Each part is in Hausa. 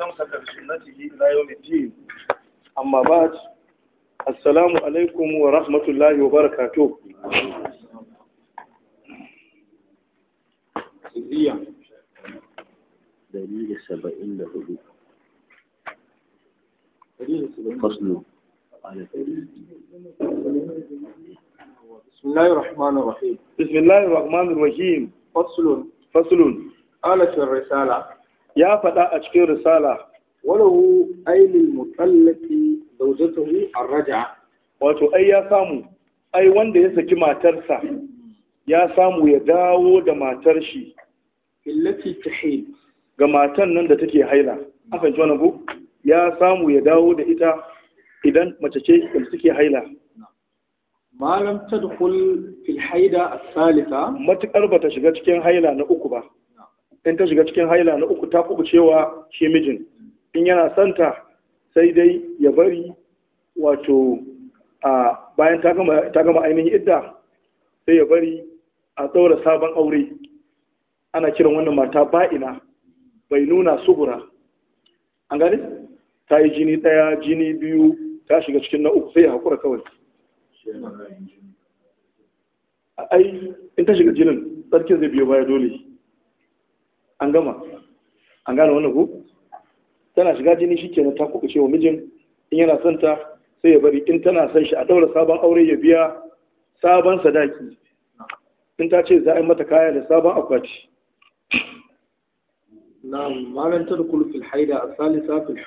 واستمسك بسنته إلى يوم الدين أما بعد السلام عليكم ورحمة الله وبركاته دليل سبعين لهدو فصل بسم الله الرحمن الرحيم بسم الله الرحمن الرحيم فصل فصل آلة الرسالة ya faɗa a cikin risala walahu ainul mutallaqi zawjatuhu arraja wato ai ya samu ai wanda ya saki matarsa ya samu ya dawo da matar shi illati tahid ga matan nan da take haila akan ji wani bu. ya samu ya dawo da ita idan mace ce da suke haila malam tadkhul fil haida as Matuƙar ba ta shiga cikin haila na uku ba in ta shiga cikin haila na uku ta kuɓu cewa shi mijin in yana santa sai dai ya bari wato a bayan ta gama ainihin idda sai ya bari a ɗaura sabon aure ana kiran wannan mata ba'ina bai nuna subura an gani ta yi jini ɗaya jini biyu ta shiga cikin na uku sai ya haƙura kawai ai in ta shiga jinin tsarkin zai biyo baya dole an gama an gane wannan ku tana shiga jini shi ke na kuɓuce wa mijin in yana son ta sai ya bari in tana son shi a daura sabon aure ya biya sabon sadaki in ta ce za a yi mata kaya da sabon akwati Na malam tadkhulu fil haida Salisa fil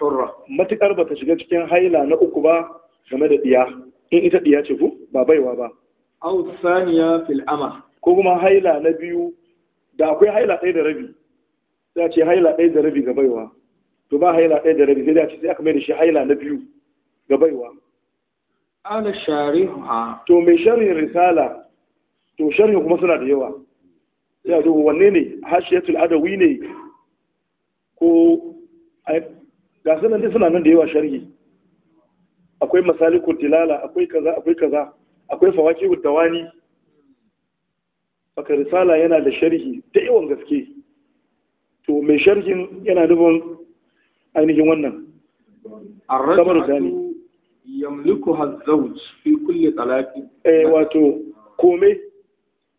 Matukar ba bata shiga cikin haila na uku ba game da diya in ita diya ce ku ba baiwa ba aw saniya fil ama ko kuma haila na biyu da akwai haila ɗaya da rabi sai a ce haila ɗaya da rabi ga baiwa to ba haila ɗaya da rabi sai a ce sai aka mai da shi haila na biyu ga baiwa ala ha to mai sharhin risala to sharhin kuma suna da yawa sai a wanne ne hashiyatul adawi ne ko ga sanan nan suna nan da yawa sharhi akwai masalikul tilala akwai kaza akwai kaza akwai fawaki dawani Baka risala yana da sharhi da yawan gaske to mai sharhin yana nufin ainihin wannan kamar zani yamliku hazzauj fi kulle talaqi eh wato kome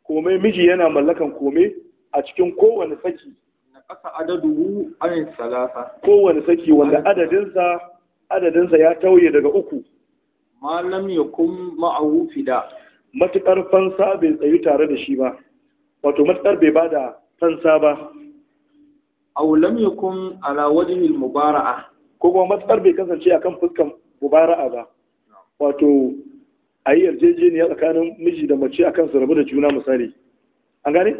kome miji yana mallakan kome a cikin kowane saki na kasa adaduhu ayin salasa kowane saki wanda adadinsa adadinsa ya tauye daga uku malam yakum ma'ahu fida Matuƙar fansa bai tsayi tare da shi ba wato matuƙar bai bada fansa ba aw lam yakun ala wajhi al mubara'a ko kuma matsar bai kasance akan fuskan mubara'a ba wato a yi yarjejeniya tsakanin miji da mace akan su rabu da juna misali an gane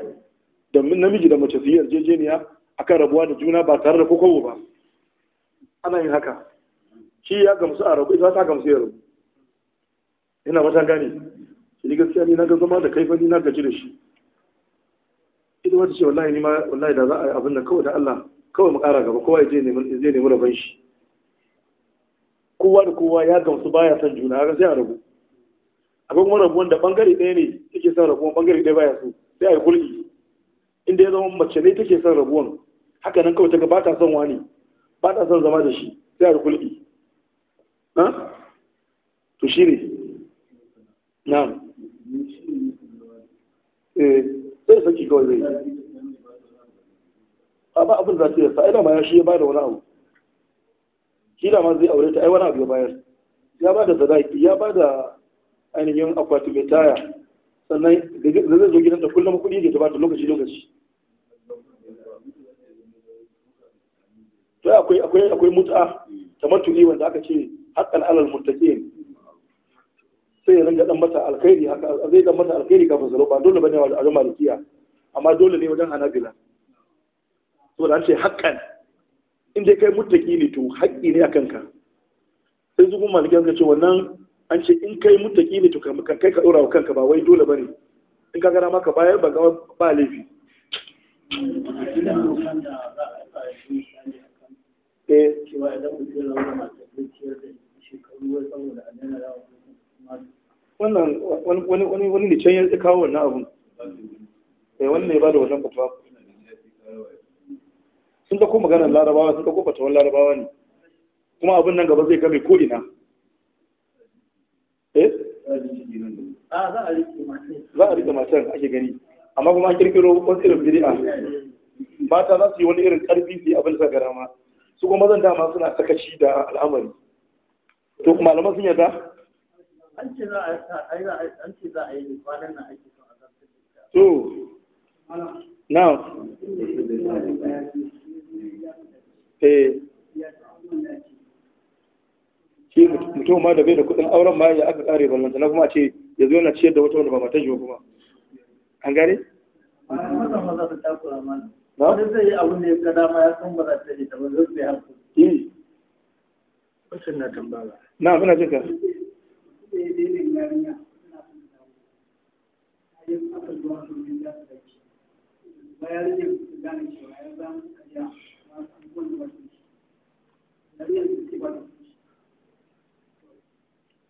da namiji da mace su yi yarjejeniya akan rabuwa da juna ba tare da kokowo ba ana yin haka shi ya gamsu a rabu ita ta gamsu ya rabu ina wata gane shi gaskiya ne na ga zama da kai na gaji da shi ita wata ce wallahi nima wallahi da za a yi abin da kawai da Allah kawai mu ƙara gaba kowa ya je nemi rabon shi kowa da kowa ya gamsu baya son juna haka sai a rabu akwai kuma rabuwan da bangare ɗaya ne take son rabuwan bangare ɗaya baya so sai a yi kulki inda ya zama mace ne take son rabuwan haka nan kawai ta ga ba ta son wani ba ta son zama da shi sai a yi kulki to shi ne na'am eh. sai saki kawai zai yi ba abin da zai sa ina ma ya shi ya bada wani abu shi ma zai aure ta ai wani abu ya bayar ya ba da sadaki ya ba da ainihin akwati mai taya sannan da zai zo gidan da kullum kuɗi da ta ba bata lokaci lokaci to akwai akwai akwai mut'a tamattu'i wanda aka ce haqqan alal muttaqin sai ya ringa dan mata alkhairi haka zai dan mata alkhairi kafin su ba dole bane wa malikiya amma dole ne wajen hanabila to an ce haƙƙan in dai kai muttaki ne to haƙƙi ne akan ka sai zuwa malikiya an ce wannan an ce in kai muttaki ne to kai ka dora wa kanka ba wai dole bane in ka gara maka bayar ba ba laifi eh. eh cewa idan mutum ya zama masu shekaru saboda a dana yawa wannan wani wani wani ne can ya kawo wannan abun eh wannan ne ba da wannan fatawa sun dauko maganar larabawa sun dauko fatawar larabawa ne kuma abin nan gaba zai game ko ina eh za a rike matan ake gani amma kuma an kirkiro wasu irin bid'a mata za su yi wani irin karfi su yi abin sa garama su kuma mazan dama suna sakaci da al'amari to kuma malaman sun yarda an ce za a yi an ce za a yi kwanan nan ake son a zartar da ita to now eh shi mutum ma da bai da kuɗin auren ma ya aka kare ballanta na kuma a ce ya zo yana ciyar da wata wanda ba matan shi kuma an gane? Wani zai yi abin da ya gada ma ya san ba za ta yi ta ba zai yi harkar. Yi. Wacin na tambaya. Na, muna jinka.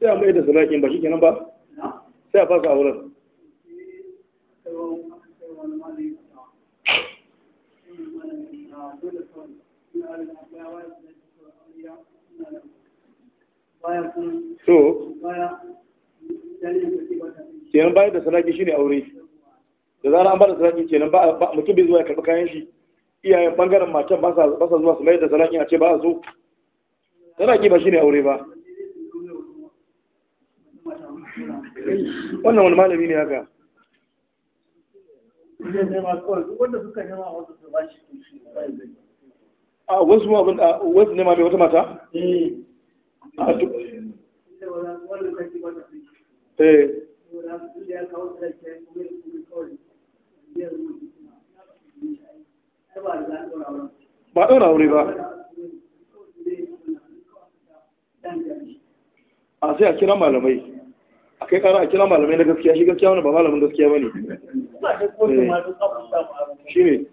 ya mai da ba shi kenan ba sai a fasa auren eh, So, kenan bayar da sadaki shine aure da zara an bada sadaki kenan ba mutum bai zuwa ya karɓi kayan shi iyayen bangaren matan ba sa zuwa su mai da sadaki a ce ba a zo sadaki ba shine aure ba wannan wani malami ne haka a wasu ma abin a wasu ne ma bai wata mata? Eh. Eh. ba ɗora aure ba a sai a kira malamai a kai kara a kira malamai na gaskiya shi gaskiya wani ba malamin gaskiya ba ne shi ne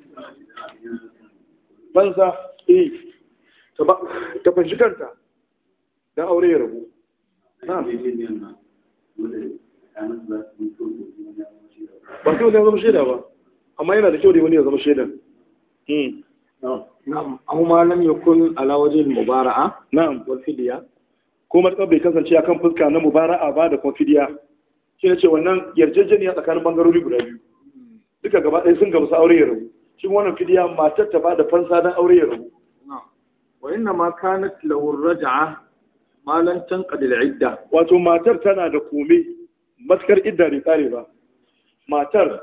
banza eh ta fashi kanta don aure ya rabu na ba sai wani ya zama shaida ba amma yana da kyau da wani ya zama shaida. Hmm. na'am amma ma lam yakun ala wajhi mubaraa na'am wal fidya ko matsar bai kasance akan fuska na mubara'a ba da kuma fidiya shi ne ce wannan yarjejeniya tsakanin bangarori guda biyu duka gaba ɗaya sun gamsu aure ya rabu shi wannan fidiya matar ta ba da fansa don aure ya rabu wa inna ma kanat raja'a malan tanqadi idda wato matar tana da kome matkar idda ne kare ba matar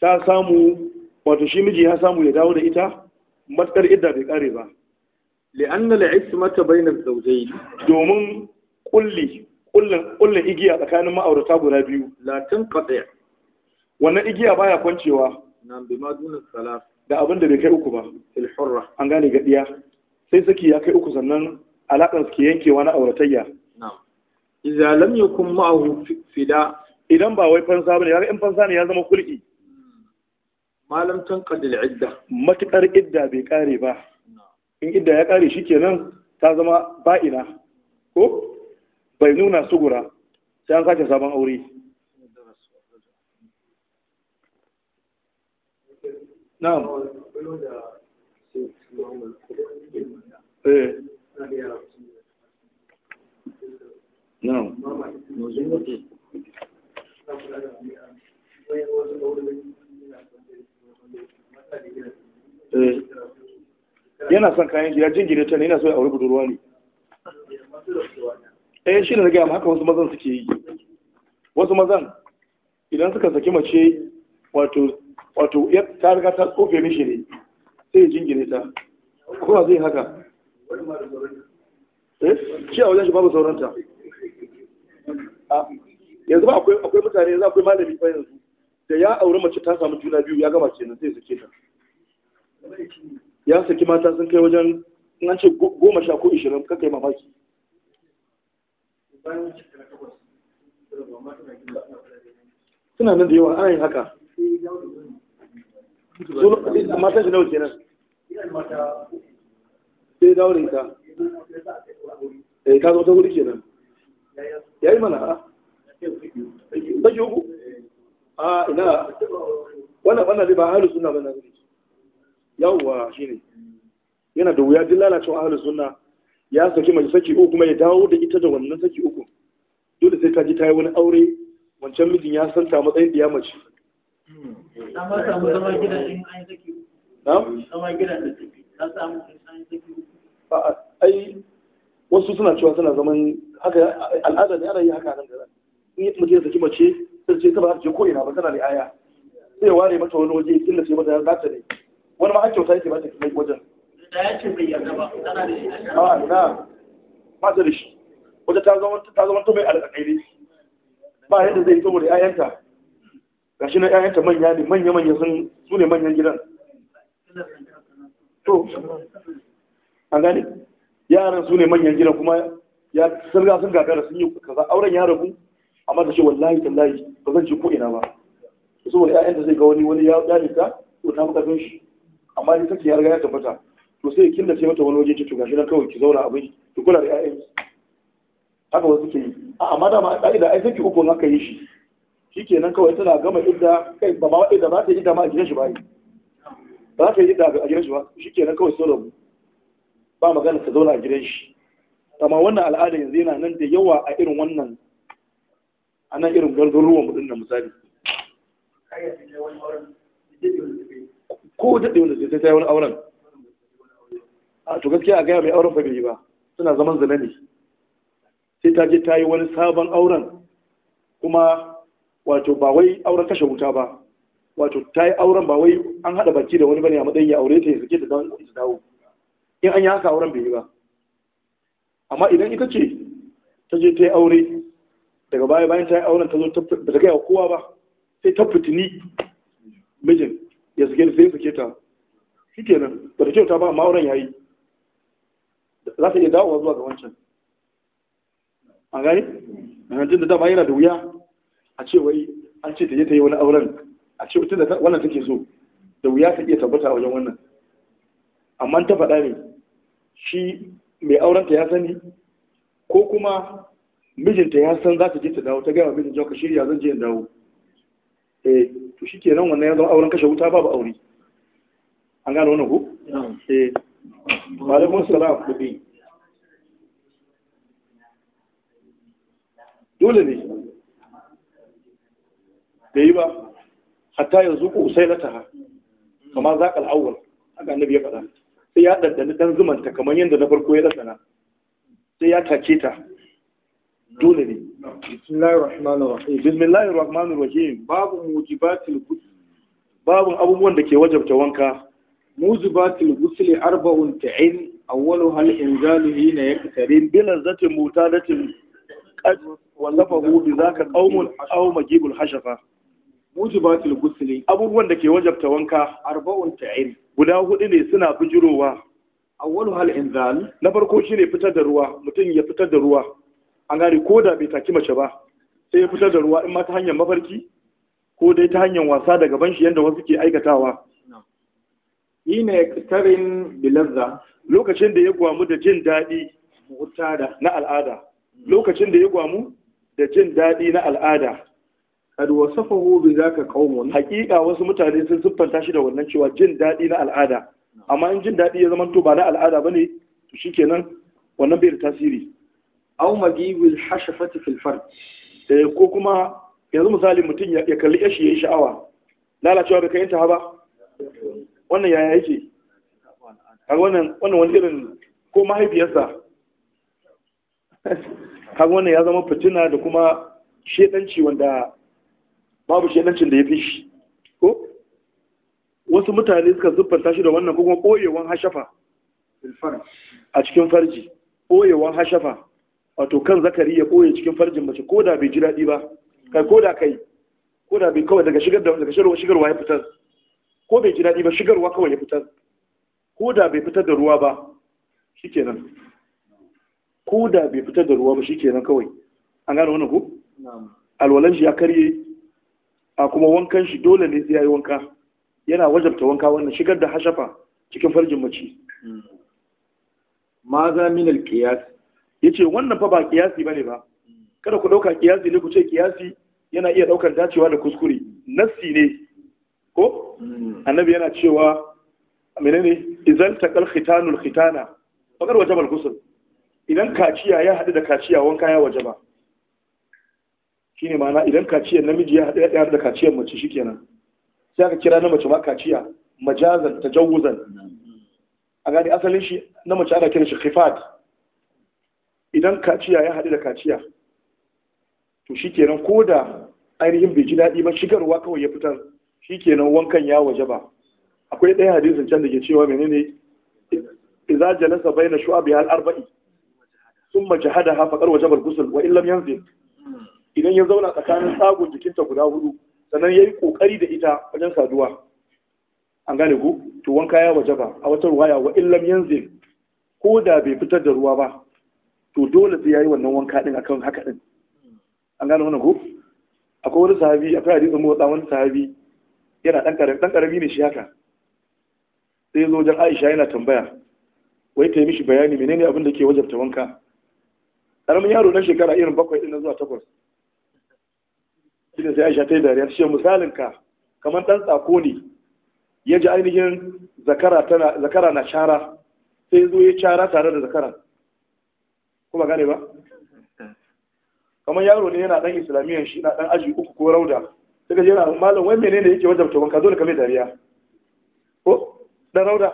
ta samu wato shi miji ya samu ya dawo da ita matkar idda bai kare ba li'anna al-ismata bayna zawjayn domin kulli kullin kullin igiya tsakanin ma'aurata guda biyu la tanqadi wannan igiya baya kwancewa nan bi ma dunan salat da abin da bai kai uku ba fil hurra an gane ga diya sai saki ya kai uku sannan alaƙar ke yankewa na auratayya idza lam kun ma'ahu fida idan ba wai fansa ba ya ga in fansa ne ya zama kulki hmm. malam tanqad al-idda Matuƙar idda bai ƙare ba in idda ya ƙare ke nan ta zama ba'ina ko bai nuna sugura sai an sace sabon aure na'am eh Eh, yana son kayan jiya, ya jingine ta ne yana so ya auri budurwa ne eh shi ne na gaya haka wasu mazan suke yi wasu mazan idan suka saki mace wato wato ya ta riga ta tsofe mishi ne sai ya ta Kuma zai haka Eh? shi a wajen shi babu sauranta ah, yanzu ba akwai mutane yanzu akwai malami ba yanzu da ya auri mace ta samu juna biyu ya gama kenan sai sake ta ya saki mata sun kai wajen nan an ce goma sha ko ishirin kakai mamaki suna nan da yawa ana yin haka mata shi nawa kenan sai dawo da ita eh ka zo ta wuri ke ya yayi mana ah. ba ke uku a ah, ina wannan wannan ba ba na, bane yawwa ne yana da wuya duk a ahlus suna ya saki mace saki uku kuma ya dawo da ita da wannan saki uku dole sai ta ji ta yi wani aure wancan mijin ya san ta matsayin ya mace ta ma samu zama gidan ɗin an saki na'am ma gidan da ta samu in an ai wasu suna cewa suna zaman haka al'ada ne ana yi haka nan garan in mutum ya saki mace sai ce ta ba ta ko ina ba tana da aya sai ware mata wani waje killa ce mata za ta ne wani ma har kyauta yake ba ta kai wajen da ya ce bai yarda ba tana da shi A'a na ba ta da shi wata ta zama ta zama to mai alƙaƙairi ba yadda zai yi saboda ƴaƴanta gashi na ƴaƴanta manya ne manya manya sun su ne manyan gidan to an gane yaran su ne manyan gina kuma ya sarga sun gagara sun yi kaza auren ya rabu amma ta shi wallahi tallahi ba zan ci ko ina ba saboda da zai ga wani wani ya ya ta to ta maka shi amma ni take ya riga ya tabbata to sai kin da ce mata wani waje ce to gashi nan kawai ki zauna abin ki kula da ƴaƴan haka wasu ke yi a amma da ma ka'ida ai saki uku haka yi shi shikenan kawai tana gama idda kai ba ma idda ba ta idda ma a gidan shi ba ba ta idda a gidan shi ba shikenan kawai sai rabu ba magana ta zauna a gidan shi amma wannan al'ada yanzu yana nan da yawa a irin wannan a nan irin garuruwan mu din misali ko ɗaya wanda sai ta yi wani auren a to gaskiya a gaya mai auren bai ba suna zaman zane ne sai ta je ta yi wani sabon auren kuma wato ba wai auren kashe wuta ba wato ta yi auren ba wai an haɗa baki da wani bane a matsayin ya aure ta yi suke ta dawo in an yi haka auren bai yi ba amma idan ita ce ta je ta yi aure daga baya bayan ta yi auren ta zo ba ta gaya wa kowa ba sai ta fitini mijin ya suke sai suke ta shi nan, ba ta kyauta ba amma auren ya yi za ta iya dawowa zuwa ga wancan an gani jin da dama yana da wuya a ce wai an ce ta je ta yi wani auren a ce wata da wannan take so da wuya ta iya tabbata a wajen wannan amma ta faɗa ne shi mai aurenta ya sani ko kuma mijinta ya san za ta je ta dawo ta gaya wa mijin ka shirya zan je in dawo E, to shi ke nan wannan ya zama auren kashe wuta babu aure an gano wannan E. eh malamun salam kudi dole ne da yi ba hatta yanzu ku usailata kama za al'awar a haka annabi ya faɗa sai ya ɗanɗani ɗan zumanta kamar yadda na farko ya ɗanɗana sai ya tace ta dole ne bismillahir rahmanir rahim babu mujibatil ghusl babu abubuwan da ke wajabta wanka mujibatil ghusl arba'un ta'in awwaluha al-inzalu hina yaktarin bila zatin mutadatin qad wallafahu bi zaka qaumun aw majibul hashafa mujibatul ghusli abubuwan da ke wajabta wanka arba'un ta'in guda hudu ne suna bujirowa awwalu hal inzal na farko shine fitar da ruwa mutum ya fitar da ruwa an gari ko da bai taki mace ba sai ya fitar da ruwa in ma ta hanyar mafarki ko dai ta hanyar wasa daga ban shi yadda wasu ke aikatawa ina yaktarin bilazza lokacin da ya gwamu da jin daɗi na al'ada lokacin da ya gwamu da jin daɗi na al'ada kad wasafahu bi zaka qaumun haqiqa wasu mutane sun siffanta shi da wannan cewa jin daɗi na al'ada amma in jin daɗi ya zama to ba na al'ada bane to shikenan wannan bai da tasiri aw magibul hashafati fil fard eh ko kuma yanzu misali mutum ya kalli yashi yayi sha'awa lalacewa da kayan ta ba wannan yaya yake kaga wannan wannan wani irin ko mahaifiyarsa kaga wannan ya zama fitina da kuma shedanci wanda babu shedancin da ya fi shi ko wasu mutane suka zuffanta shi da wannan kuma koyewan hashafa a cikin farji koyewan hashafa wato kan zakari ya koye cikin farjin mace ko da bai ji daɗi ba kai ko da kai ko da bai kawai daga shigar da daga shigarwa ya fitar ko bai ji daɗi ba shigarwa kawai ya fitar ko da bai fitar da ruwa ba shikenan ko da bai fitar da ruwa ba shikenan kawai an gane wannan ku? alwalan shi ya karye a kuma wankan shi dole ne sai yi wanka yana wajabta wanka wannan shigar da hashafa cikin farjin mace ma za min al ya ce wannan fa ba ba bane ba kada ku dauka kiyasi ne ku ce kiyasi yana iya daukar dacewa da kuskure nassi ne ko hmm. annabi yana cewa menene idan taqal khitanul khitana fakar wajaba al-ghusl idan kaciya ya hadu da kaciya wanka ya wajaba shi ne mana idan kaciyar namiji ya haɗe ɗaya da kaciyar mace shi kenan sai aka kira na mace ma kaciya majazan ta jawuzan a gani asalin shi na mace ana kira shi khifat idan kaciya ya haɗe da kaciya to shi kenan ko da ainihin bai ji daɗi ba shigarwa kawai ya fitar shi kenan wankan ya waje ba akwai ɗaya hadisin can da ke cewa menene idza jalasa baina shu'abi al arba'i Sun jahadaha faqad wajaba al ghusl wa illam yanzil idan ya zauna tsakanin tsagon jikinta guda hudu sannan ya yi ƙoƙari da ita wajen saduwa an gane ku to wanka ya waje ba a wata ruwaya wa illam yanzil ko da bai fitar da ruwa ba to dole sai yayi wannan wanka din akan haka din an gane wannan ku akwai wani sahabi akwai hadisin mu wani sahabi yana dan karami dan karami ne shi haka sai ya zo wajen Aisha yana tambaya wai ta yi mishi bayani menene abin da ke wajabta wanka karamin yaro na shekara irin bakwai din zuwa takwas hadisin sai aisha ta yi dariya shi misalin ka kamar ɗan tsako ne ya ji ainihin zakara na shara sai zo ya shara tare da zakara kuma gane ba kamar yaro ne yana ɗan islamiyyar shi na ɗan aji uku ko rauda daga je yana malam wai menene yake wajen toban ka dole ka dariya ko dan rauda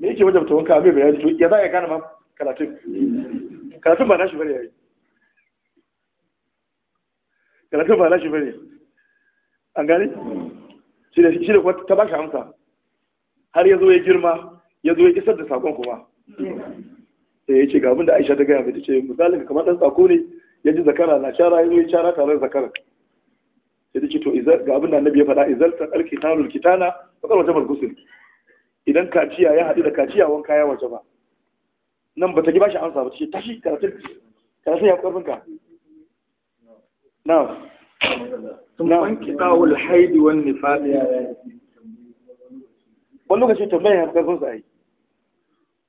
me yake wajen toban ka mai bayani to ya za ka gane ma karatun karatun ba nashi bane yayi karatun ba lashi bane an gane shi da shi da kuma ta baka amsa har ya zo ya girma ya zo ya isar da sakon kuma sai eh, ya ce ga abin da Aisha ta gaya mai ta ce misalin kamar dan sako ne ya ji zakara na shara ya ya shara tare da zakara sai ta ce to ga abin da annabi ya faɗa izalta alkitanul kitana fakar wata gusun. idan kaciya ya haɗu da kaciya wanka ya waje ba nan ba ta ji ba shi amsa ba ta ce tashi karatun karatun ya karfin ka na'am sun wanki tawul haidi wani nifasi wani lokaci tambayin ya sun sa yi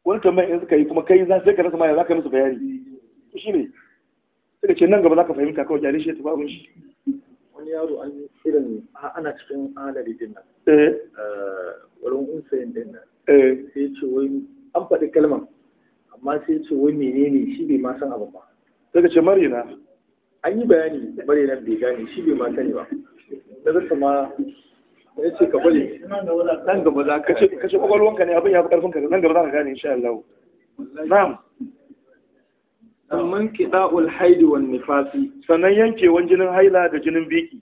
wani tambayin in suka yi kuma kai za su ka rasa ma za ka musu bayani shi ne suka ce nan gaba za ka fahimta kawai jari shi ya tafi abin shi wani yaro an irin ana cikin alali din nan eh. eh, wani unsayin din nan eh. sai ce wai an faɗi kalman amma sai ce wai menene shi bai ma san abu ba daga ce marina an yi bayani bare nan bai gane shi bai ma sani ba da zata ma ya ce ka bari nan gaba za ka ce ka ce kwakwalwanka ne abin ya fi karfin ka nan gaba za ka gane insha Allah na'am amman qida'ul haid wal nifasi sannan yankewan jinin haila da jinin biki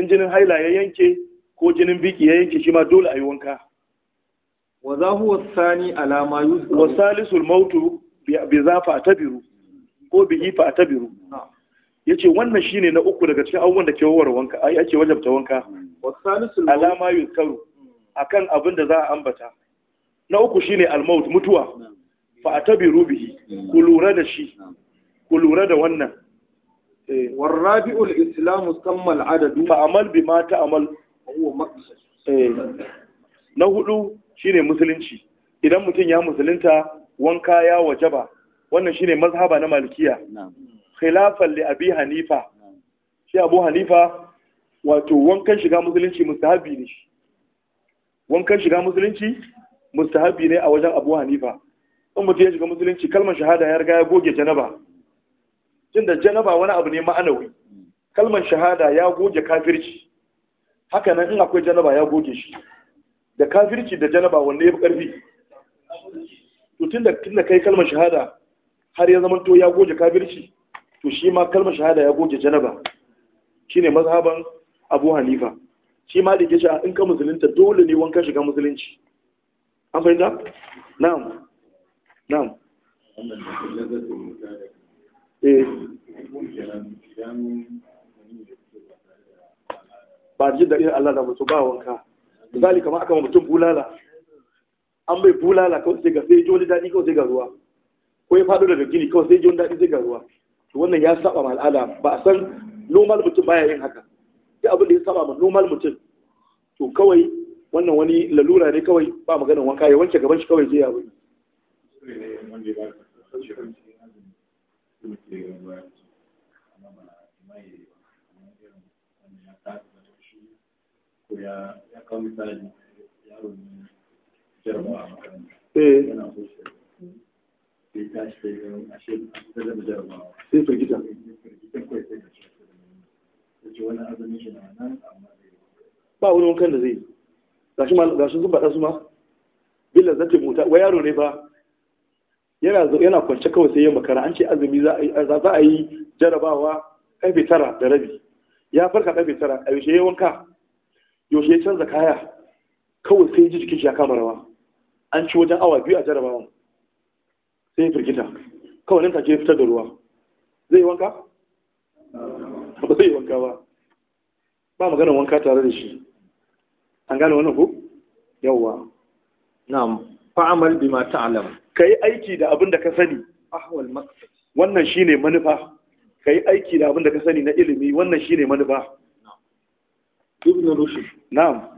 in jinin haila ya yanke ko jinin biki ya yanke shi ma dole a yi wanka wa za huwa sani alama yuzkaru wa salisul mautu bi zafa tabiru ko bi fa tabiru na'am ya ce wannan shine na uku daga cikin abubuwan da ke wawar wanka ai ake wajabta wanka alama a hmm. akan abin da za a ambata na uku shine almaut mutuwa fa a tabi rubihi. ku lura da shi ku lura da wannan eh. warrabi'ul islamu sammal adadu fa amal bi ma ta maqsad eh. na hudu shine musulunci idan mutum ya musulunta wanka ya wajaba wannan shine mazhaba na malikiya khilafan li abi hanifa shi abu hanifa wato wankan shiga musulunci mustahabi ne wankan shiga musulunci mustahabi ne a wajen abu hanifa in mutum ya shiga musulunci kalmar shahada ya riga ya goge janaba tun da janaba wani abu ne ma'anawi kalmar shahada ya goge kafirci haka nan in akwai janaba ya goge shi da kafirci da janaba wanne ya fi ƙarfi to tun da kai kalmar shahada har ya zama to ya goge kafirci to shi ma kalmar shahada ya goge janaba shine mazhaban Abu Hanifa shi ma da yake shi in ka musulunta dole ne wanka shiga musulunci an fahimta na'am na'am eh ba ji da Allah da mutu ba wanka misali kamar aka mutum bulala an bai bulala kawai sai ga sai ji daɗi kawai sai ga ruwa ko ya faɗo daga gini kawai sai ji daɗi sai ga ruwa to wannan ya saba ma al'ada ba a san normal mutum baya yin haka sai abin da ya saba ma normal mutum to kawai wannan wani lalura ne kawai ba maganin wanka ya wanke gaban shi kawai zai yawo ya kawo misali yaro ne jarabawa yana eh. so ba wani wankan da zai yi ga shi zuba su ma billar zata mota wa yaro ne ba yana kwance kawai sai yin makara an ce azumi za a yi jarabawa ƙarfe tara da rabi ya farka ƙarfe tara a yaushe ya wanka yaushe ya canza kaya kawai sai ji jikin shi ya kama rawa an ci wajen awa biyu a jarabawan sai firgita kawai nan take fitar da ruwa zai yi wanka ba zai yi wanka ba ba maganin wanka tare da shi an gane wani ku? yawwa na fa'amal alam Ka yi aiki da abin da ka sani ahwal shi wannan manufa. manufa yi aiki da abin da ka sani na ilimi wannan shi ne manufa ibn rushd na'am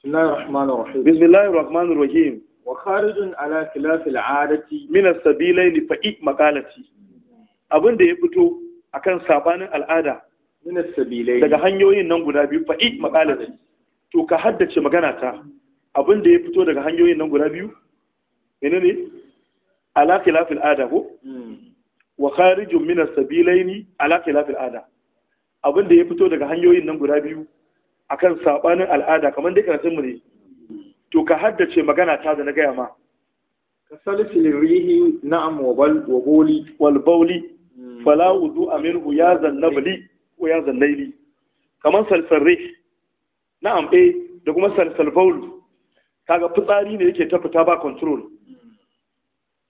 بسم الله الرحمن الرحيم wa kharijun ala khilafil adati min as-sabilain fa'i maqalati abin da ya fito akan sabanin al'ada min as-sabilain daga hanyoyin nan guda biyu fa'i maqalati to ka haddace magana ta abin da ya fito daga hanyoyin nan guda biyu ne ala khilafil ada ko hmm. wa kharijun min as-sabilain ala khilafil ada abin da ya fito daga hanyoyin nan guda biyu akan sabanin al'ada kamar dai karatun mu ne to ka haddace magana ta da na gaya ma ka salisil lirihi na'am wa bal wa boli wal bauli hmm. fala wudu aminhu ya zannabli ko ya zannaili kamar salsal rih na'am eh da kuma salsal baul kaga fitsari ne yake ta fita ba control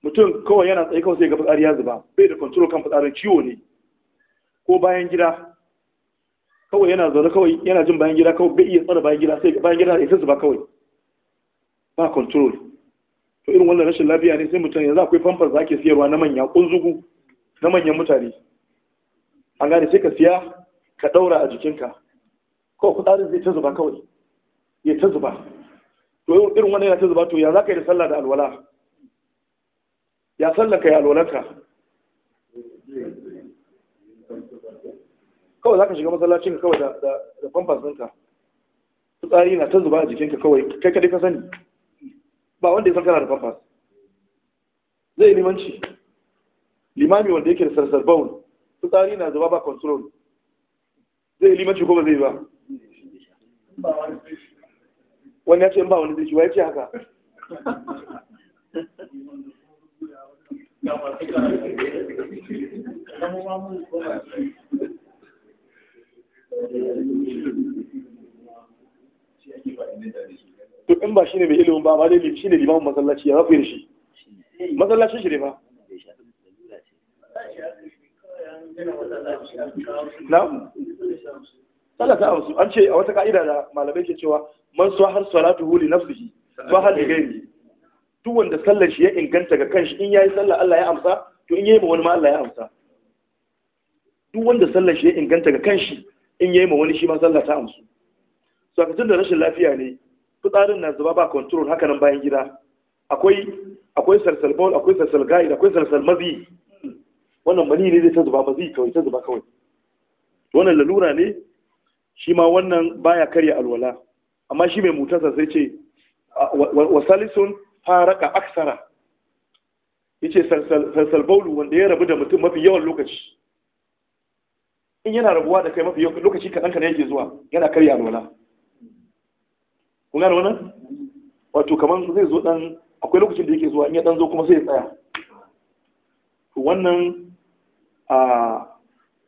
mutum kawai yana tsaye kawai sai ga fitsari ya zuba bai da control kan fitsarin ciwo ne ko bayan gida kawai yana zaune kawai yana jin bayan gida kawai bai iya tsara bayan gida sai bayan gida ya zuba kawai ba control to irin wannan rashin lafiya ne sai mutum yanzu akwai famfas da ake siyarwa na manya kunzugu na manyan mutane an gane sai ka siya ka daura a jikinka kawai kudarin zai ta zuba kawai ya ta zuba to irin wannan yana ta zuba to ya za ka yi da sallah da alwala ya sallah ka yi alwalanka kawai za ka shiga masallacin kawai da famfas ɗinka fitsari na ta zuba a jikinka kawai kai kadai ka sani ba wanda ya san da farfas. zai limanci limami wanda yake da sarsar su fitsari na zuba ba control zai limanci ko ba zai ba wani ya ce ba wani zai ci wa ya ce haka to in ba shine mai ilimin ba ba dai shine limamin masallaci ya zafi shi masallacin shi ne ba na'am sallah ta amsu an ce a wata ka'ida da malamai ke cewa man so har salatu huli nafsihi so har da gairi duk wanda sallar shi ya inganta ga kanshi in yayi sallah Allah ya amsa to in yayi ma wani ma Allah ya amsa duk wanda sallar shi ya inganta ga kanshi in yayi ma wani shi ma sallah ta amsu sakatun da rashin lafiya ne fitsarin na zuba ba control haka nan bayan gida akwai akwai sarsal ball akwai sarsal gaid akwai sarsal mazi wannan mani ne zai ta zuba mazi kawai ta zuba kawai wannan lalura ne shi ma wannan baya karya alwala amma shi mai mutasa sai ce wa salisun faraka aksara yace sarsal ball wanda ya rabu da mutum mafi yawan lokaci in yana rabuwa da kai mafi yawan lokaci kaɗan kaɗan yake zuwa yana karya alwala kun da wannan wato kamar zai zo dan akwai lokacin da yake zuwa in ya dan zo kuma sai ya tsaya to wannan a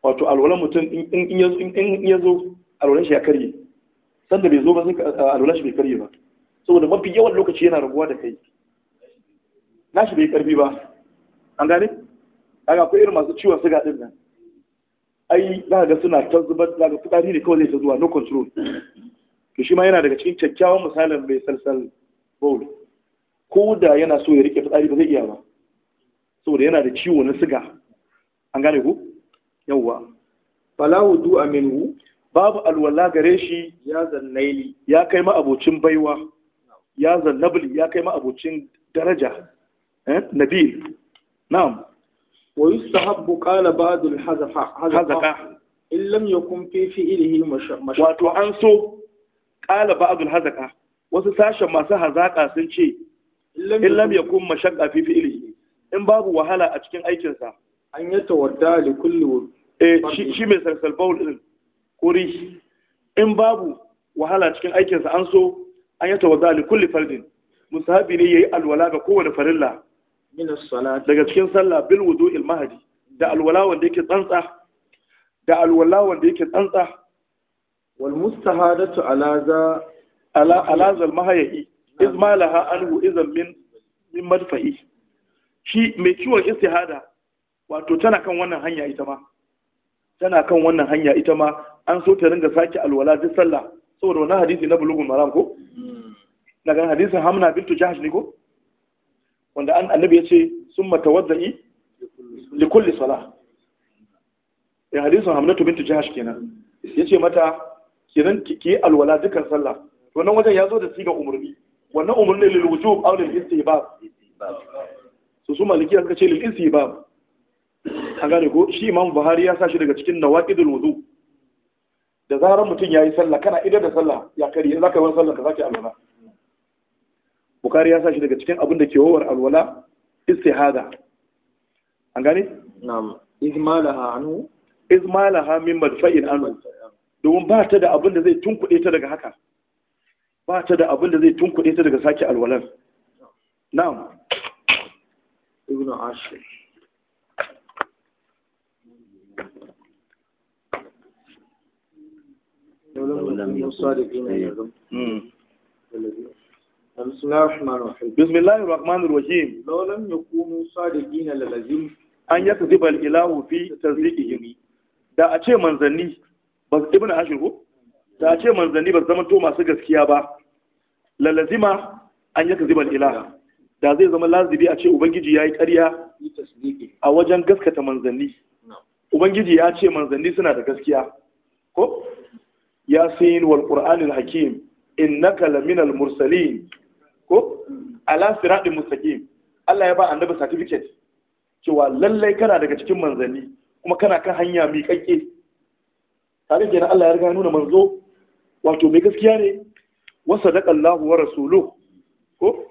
wato alwalan mutum in in zo alwalan shi ya karye sanda bai zo ba sai alwalan shi bai karye ba saboda mafi yawan lokaci yana rabuwa da kai nashi bai karfi ba an gane kaga akwai irin masu ciwon suga din nan ai za ga suna ta zubar za ga fitari ne kawai zai ta zuwa no control to shi ma yana daga cikin kyakkyawan misalin mai salsal bowl ko da yana so ya rike fitsari ba zai iya ba saboda yana da ciwo na siga an gane ku yawwa fala wudu aminu babu alwala gare shi ya zannaili ya kai ma abocin baiwa ya zannabli ya kai ma abocin daraja eh nabil na'am wa yustahabbu qala ba'd al hazafa hazafa in lam yakun fi fi'lihi mashaqqa wato an so qala ba'dul hazaka wasu sashen masu hazaka sun ce in lam yakun mashaqqa fi fi'lihi in babu wahala a cikin aikin sa an yatawadda li kulli eh shi mai salsal baul din kuri in babu wahala a cikin aikin sa an so an yatawadda li kulli fardin musahabi ne yayi alwala ga kowane farilla daga cikin sallah bil wudu'il mahdi da alwala wanda yake tsantsa da alwala wanda yake tsantsa والمستهادة على ala على ala ala zal mahayi iz malaha anhu izan min min madfa'i shi mai ciwon istihada wato tana kan wannan hanya ita ma tana kan wannan hanya ita ma an so ta ringa sake alwala duk sallah saboda wannan hadisi na bulugun maram ko daga hmm. hadisin hamna bintu jahsh ne ko wanda an annabi ya ce sun li kulli salah ya hadisin hamna bintu jahsh kenan ya ce mata kenan ki yi alwala dukkan sallah wannan wajen ya zo da siga umarni wannan umarni lil wujub aw lil istihbab su su maliki suka ce lil istihbab an gane ko shi imam buhari ya sa shi daga cikin nawaqidul wudu da zarar mutum ya yi sallah kana idan da sallah ya kare in zaka yi wani sallah ka zaki alwala Bukhari ya sa shi daga cikin abin da ke wawar alwala istihada an gane na'am izmalaha anhu izmalaha min madfa'in anhu domin ba ta da abin da zai tunkuɗe ta daga haka ba ta da abin da zai tunkuɗe ta daga sake alwalar na'am ibn ashir بسم الله الرحمن الرحيم بسم الله الرحمن الرحيم لو لم يكونوا صادقين للزم أن يكذب الإله في تصديقهم da a ce manzanni ibn ashir ko Ta ce manzanni ba zama to masu gaskiya ba lalazima an yi zibal ilaha da zai zama lazibi a ce ubangiji ya yi ƙarya a wajen gaskata manzanni ubangiji ya ce manzanni suna da gaskiya ko yasin wal qur'anil hakim innaka laminal mursalin ko ala siratin Allah ya ba annabi certificate cewa lallai kana daga cikin manzanni kuma kana kan hanya miƙaƙƙe kaga kenan Allah ya riga ya nuna manzo wato mai gaskiya ne wa sadaqallahu wa rasuluhu ko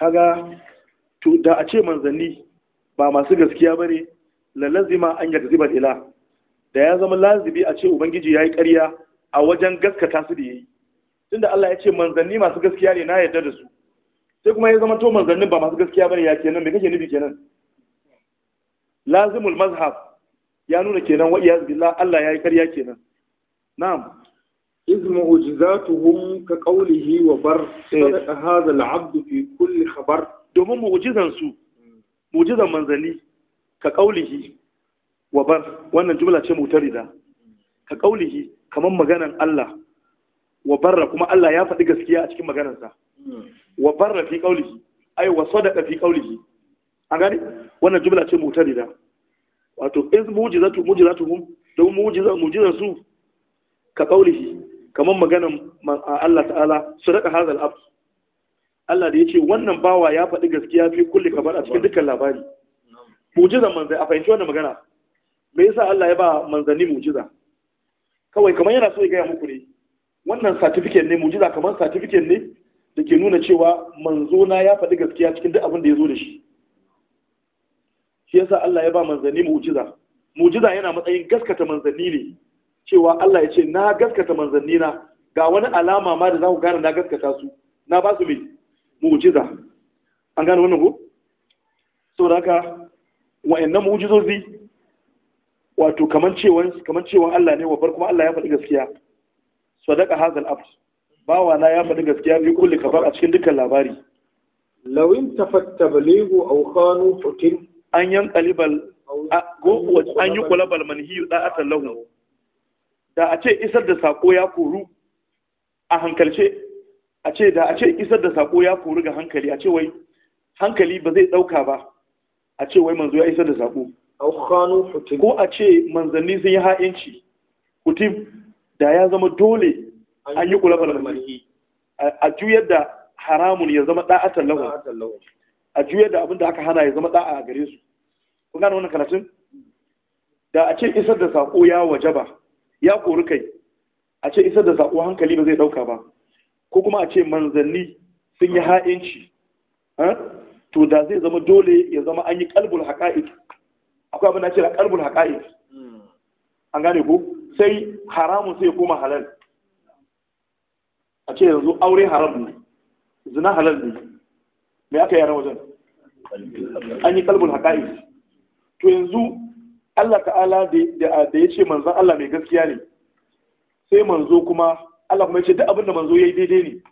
kaga to da a ce manzanni ba masu gaskiya bane lazima an yakziba ila da ya zama lazibi a ce ubangiji yayi ƙarya a wajen gaskata su da yayi tunda Allah ya ce manzanni masu gaskiya ne na yarda da su sai kuma ya zama to manzannin ba masu gaskiya bane ya kenan me kake nufi kenan lazimul mazhab ya nuna kenan wa iyaz billah Allah yayi karya kenan na'am tu mu'jizatuhum ka qawlihi wa bar eh. sadaqa hadha al-'abd fi kulli khabar domin mu'jizan su mu'jizan manzali ka qawlihi wa bar wannan jumla ce mutarida ka qawlihi kaman maganan Allah wa barra kuma Allah ya faɗi gaskiya a cikin maganarsa hmm. wa barra fi qawlihi ay wa sadaqa fi qawlihi an gani wannan jumla ce mutarida wato in mujizatu mujizatuhum don mujizar mujizar su ka kaulihi kamar maganan Allah ta'ala su raka hazal ab Allah da yace wannan bawa ya faɗi gaskiya fi kulli kabar a cikin dukkan labari mujizar manzai a fahimci wannan magana me yasa Allah ya ba manzanni mujiza kawai kamar yana so ya gaya muku ne wannan certificate ne mujiza kamar certificate ne da ke nuna cewa manzo na ya faɗi gaskiya cikin duk abin da ya zo da shi shi yasa Allah ya ba manzanni mu'jiza mu'jiza yana matsayin gaskata manzanni ne cewa Allah ya ce na gaskata manzanni na ga wani alama ma da za ku gane na gaskata su na ba su mai mu'jiza an gane wannan ko saboda haka wa'annan mu'jizozi wato kaman cewa kaman cewa Allah ne wa bar kuma Allah ya faɗi gaskiya sadaqa hazal abd bawa na ya faɗi gaskiya bi kulli kafar a cikin dukkan labari law in tafatta balighu aw khanu futin an yankalibal an yi kulabal manhiyu da'atan lahu da a ce isar da sako ya koru a hankalce a ce da a ce isar da sako ya koru ga hankali a ce wai hankali ba zai dauka ba a ce wai manzo ya isar da sako ko a ce manzanni sun yi ha'inci kutib da ya zama dole an yi kulabal manhiyu a juyar da haramun ya zama da'atan lahu a juyar da abin da aka hana ya zama da'a a gare su kun gane wannan karatun da a ce isar da sako ya waje ba, ya kori kai a ce isar da sako hankali ba zai dauka ba ko kuma a ce manzanni sun yi ha'inci eh? to da zai zama dole ya zama an yi kalbul haqa'iq akwai abin da ake da kalbul haqa'iq an gane ko sai haramun sai ya koma halal a ce yanzu aure haram ne zina halal ne me aka yi wajen an yi kalbul haƙa'i. to yanzu Allah ta'ala da ya ce manzan Allah mai gaskiya ne sai manzo kuma Allah kuma ya ce duk abin da manzo ya yi daidai ne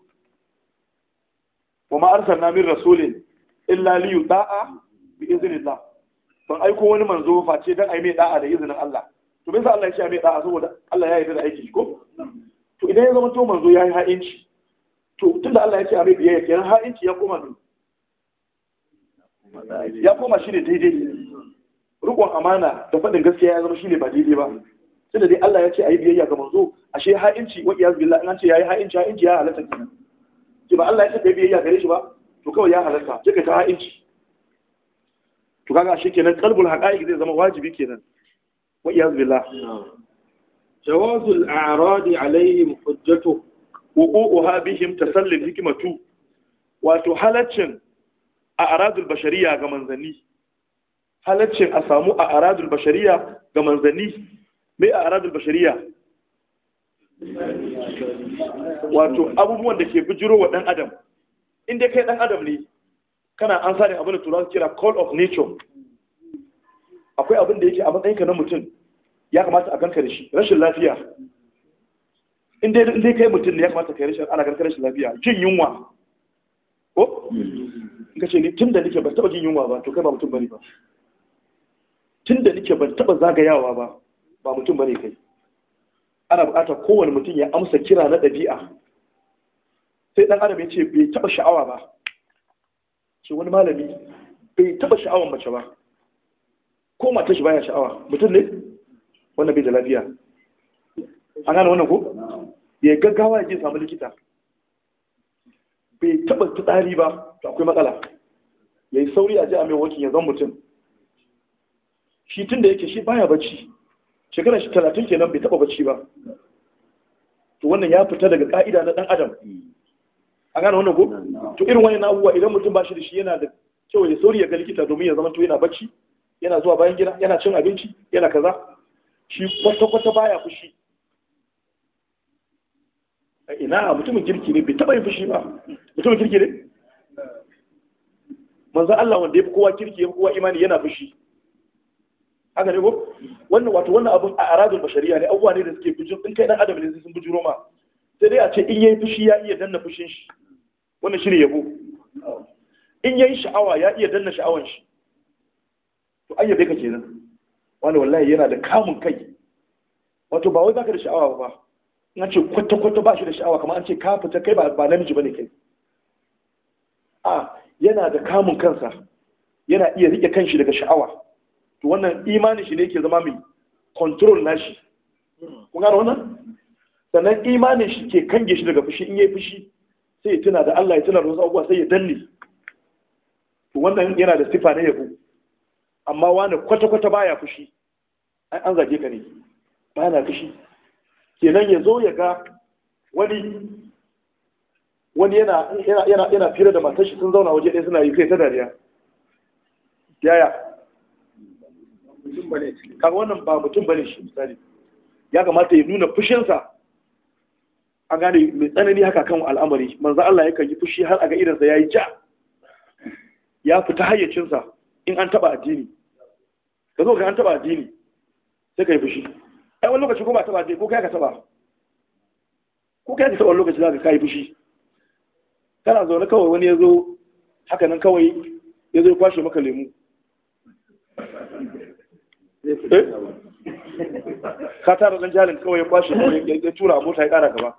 wa ma arsalna min rasulin illa li yuta'a bi iznillah ban aiko wani manzo face a yi mai da'a da izinin Allah to bai sa Allah ya ce a mai da'a saboda Allah ya yi da aiki ko to idan ya zama to manzo ya yi ha'inci to tun da Allah ya ce a mai biyayya kenan ha'inci ya koma dole ya koma shi ne daidai rukun amana da faɗin gaskiya ya zama shi ne ba daidai ba da dai Allah ya ce a yi biyayya ga manzo ashe ha'inci wa iyaz billah an ce yayi ha'inci ha'inci ya halatta kenan ki ba Allah ya ce kai biyayya gare shi ba to kawai ya halatta ka ta ha'inci to kaga ashe kenan qalbul haqa'iq zai zama wajibi kenan wa iyaz billah jawazul a'radi alaihim hujjatu wuqu'uha bihim tasallil hikmatu wato halaccin a aradul bashariya ga manzanni halaccin a samu a aradul bashariya ga manzanni mai a aradul bashariya wato abubuwan da ke bijiro wa ɗan adam inda kai ɗan adam ne kana an sa ne abin da turawa kira call of nature akwai abin da yake a matsayinka na mutum ya kamata a ganka da shi rashin lafiya in dai kai mutum ne ya kamata ka yi rashin ana ganka rashin lafiya jin yunwa ka ce ni tun da nike ban taba jin yunwa ba to kai ba mutum bane ba tun da nike ban taba zagayawa ba ba mutum bane kai ana bukatar kowane mutum ya amsa kira na ɗabi'a sai ɗan adam ya ce bai taba sha'awa ba ce wani malami bai taba sha'awan mace ba ko matar shi baya sha'awa mutum ne wannan bai da lafiya an gane wannan ko ya gaggawa ya je samu likita bai taba fitsari ba to akwai matsala yayi sauri a ji a mai waki ya zan mutum shi tun da yake shi baya bacci shekara shi talatin kenan bai taba bacci ba to wannan ya fita daga ka'ida na dan adam a gane wannan ko to irin wani abubuwa idan mutum ba shi da shi yana da kyau ya sauri ya ga likita domin ya zama to yana bacci yana zuwa bayan gida yana cin abinci yana kaza shi kwata-kwata baya fushi ina mutumin kirki ne bai taba yin fushi ba mutumin kirki ne manzo Allah wanda ya fi kowa kirki ya fi kowa imani yana fushi haka ne ko wannan wato wannan abun a aradul bashariya ne abuwa ne da suke bujin in kai dan adam ne sun bujuro ma sai dai a ce in yayi fushi ya iya danna fushin shi wannan shine yabo in yayi sha'awa ya iya danna sha'awan shi to an bai ka kenan wani wallahi yana da kamun kai wato ba wai zaka da sha'awa ba na ce kwata-kwata ba shi da sha'awa kamar an ce ka fita kai ba namiji ba ne kai a yana da kamun kansa yana iya rike kanshi daga sha'awa to wannan imanin shi ne ke zama mai control na shi. kun gano wannan sannan imanin shi ke kange shi daga fushi in yi fushi sai ya tuna da Allah ya tuna da wasu abubuwa sai ya danne to wannan yana da sifa na yabo amma wani kwata-kwata baya fushi an zage ka ne ba na fushi kenan ya zo ya ga wani wani yana yana yana fira da matashi shi sun zauna waje ɗaya suna yi kai ta dariya yaya kaga wannan ba mutum bane shi misali ya kamata ya nuna fushinsa a gane mai tsanani haka kan al'amari manzo Allah ya kai fushi har a ga idansa yayi ja ya fita hayyacinsa in an taba addini ka zo ka an taba addini sai ka yi fushi ai wani lokaci ko ba taba zai ko kai ka taba ko kai ka taba wani lokaci za ka kai fushi kana zaune kawai wani ya zo haka nan kawai ya zo ya kwashe maka lemu eh? ka tara dan jalin kawai ya kwashe ya tura mota ya kara gaba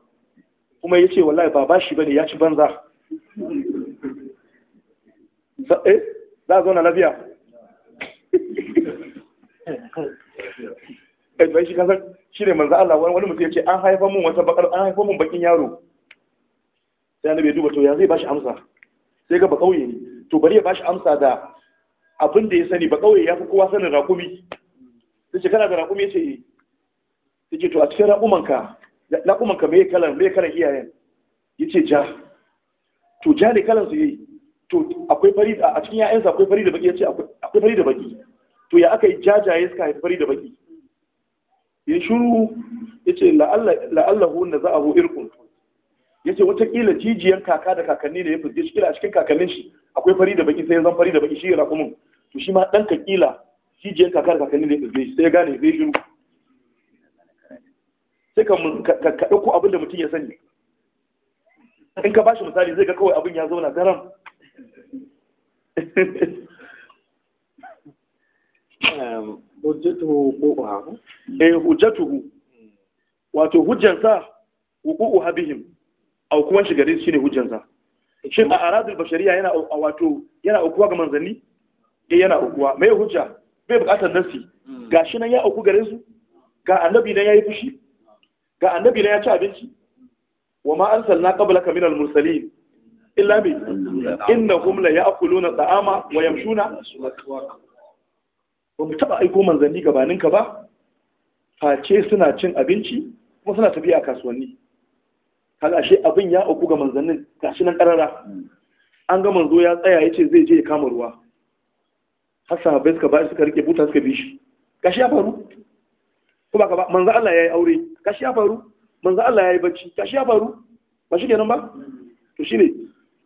kuma ya ce wallahi ba bashi bane ya ci banza eh za a zauna lafiya ɗan shi kasar shi ne manzo Allah wani mutum ya an haifa mun wata bakar an haifa mun bakin yaro sai annabi ya duba to ya zai bashi amsa sai ga bakauye ne to bari ya bashi amsa da abin da ya sani bakauye ya fi kowa sanin rakumi sai kana da rakumi ya ce eh. sai ce to a cikin rakumanka rakumanka me kalan me kalan iyayen yace ja to ja ne kalan su yi, to akwai fari a cikin 'ya'yansa akwai fari da baki yace akwai fari da baki to ya aka yi jajaye suka haifi fari da baki ya shuru ya ce la'allahu na za'ahu irkun ya ce watakila jijiyan kaka da kakanni ne ya fuske shi kila a cikin kakannin shi akwai fari da baki sai ya zan fari da baki shi ya rakumin to shi ma ɗan kakila jijiyan kaka da kakanni ne ya fuske shi sai ya gane zai shuru sai ka ɗauko abin da mutum ya sani in ka bashi misali zai ga kawai abin ya zauna garam. um, hujjatuhu wuquha eh wato hujjansa wuquha habihim au kuma shi gare shine hujjansa shin a aradul bashariya yana wato yana ukuwa ga manzanni eh yana ukuwa mai hujja bai bukatar nasi hmm. shi nan ya uku gare su ga annabi nan yayi fushi ga annabi nan ya ci abinci wa ma arsalna qablaka minal mursalin illa bi innahum la ya'kuluna ta'ama wa yamshuna ba mu taɓa aiko manzanni gabaninka ba face suna cin abinci kuma suna tafiya a kasuwanni kaga ashe abin ya uku ga manzannin gashi nan karara an ga manzo ya tsaya ya ce zai je ya kama ruwa har sahabbai suka bayar suka rike buta suka bi shi gashi ya faru Kuma ka ba manzo Allah ya yi aure gashi ya faru manzo Allah ya yi bacci gashi ya faru ba shi kenan ba to shine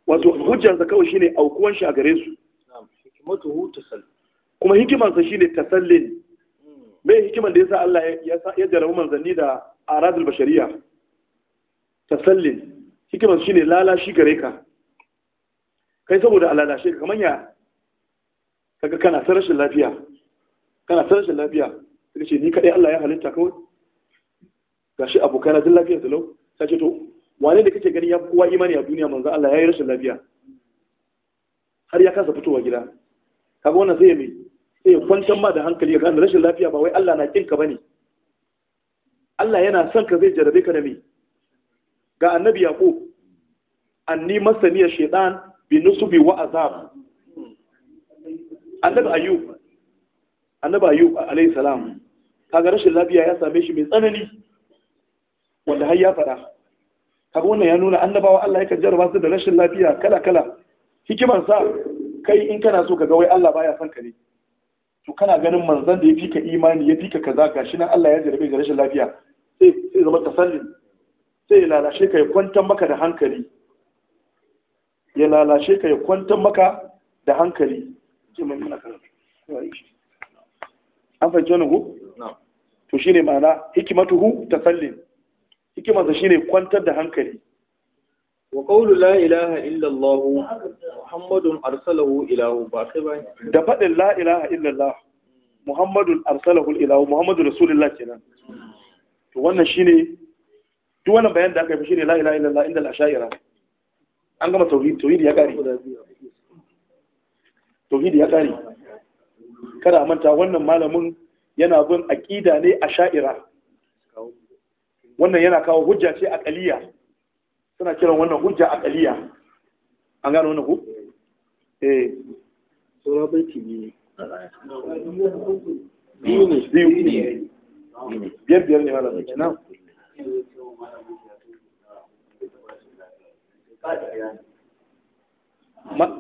wato hujjar sa kawai shine aukuwan shi a gare su na'am hikmatuhu tasal kuma hikimansa shine tasallin mai hikiman da ya sa Allah ya jarabu manzanni da aradul bashariya tasallin hikiman shine lalashi gare ka kai saboda alalashe ka kamar ya kaga kana ta rashin lafiya kana ta rashin lafiya sai ce ni kadai Allah ya halitta kawai Ga shi abokana duk lafiya da lau sai ce to wane da kake gani ya fi kowa imani a duniya manzo Allah ya yi rashin lafiya har ya kasa fitowa gida kaga wannan sai ya mai sai ya kwantar ma da hankali ya gane rashin lafiya ba wai Allah na kin ka bane Allah yana son ka zai jarabe ka da me ga annabi yaqo anni masaniya shaytan bi nusubi wa azab annabi ayub annabi ayyub alayhi salam kaga rashin lafiya ya same shi mai tsanani wanda har ya fada kaga wannan ya nuna annabawa Allah yakan jarraba su da rashin lafiya kala kala hikimar sa kai in kana so kaga wai Allah baya son ka ne to kana ganin manzon da ya fika imani ya fika kaza gashi nan Allah ya jarabe ga rashin lafiya sai sai zama tasalli sai ya lalashe ka ya kwantar maka da hankali ya lalashe ka ya kwantar maka da hankali an fahimci wani ku? to shine ma'ana hikimatuhu tasallin hikimarsa shine kwantar da hankali وقول لا إله إلا الله محمد أرسله إله باقبا دفع لا إله إلا الله محمد أرسله إله محمد رسول الله كنا wannan shine duk wannan bayan da aka yi shine la ilaha illallah inda al-ashaira an gama tauhid tauhid ya kare tauhid ya kare kada manta wannan malamin yana bin aqida ne ashaira wannan yana kawo hujja ce aqaliya suna kiran wannan hujja aqaliya an gano wannan ku eh sura baiti ne biyu ne biyar biyar ne malamai kenan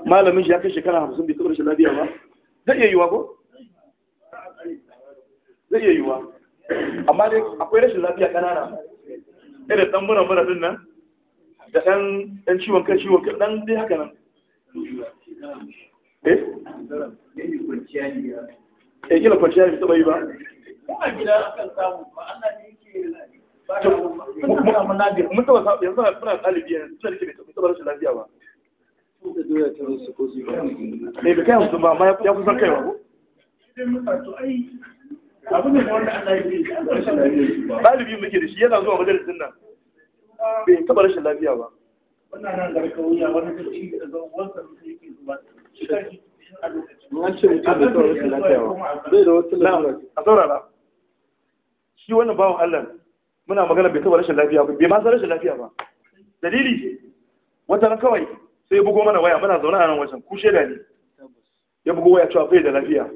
malamin shi ya kai shekara hamsin bai taɓa rashin lafiya ba zai iya yiwa ko zai iya yiwa amma dai akwai rashin lafiya ƙanana irin ɗan mura mura din nan da ɗan ciwon kan ciwon kan ɗan dai haka nan eh? Eh, kila kwanciya ne taɓa yi ba mun taɓa yanzu muna ɗalibi yanzu suna rike taɓa rashin lafiya ba eh, bai kai ba amma ya Ba ɗalibi muke da shi yana zuwa majalisin nan bai taɓa rashin lafiya ba nan wani shi ba wannan bawan Allah muna magana bai taɓa rashin lafiya ba bai ma rashin lafiya ba dalili wata na kawai sai bugo mana waya muna zaune a nan wajen kushe da ni. ya bugo waya cewa bai da lafiya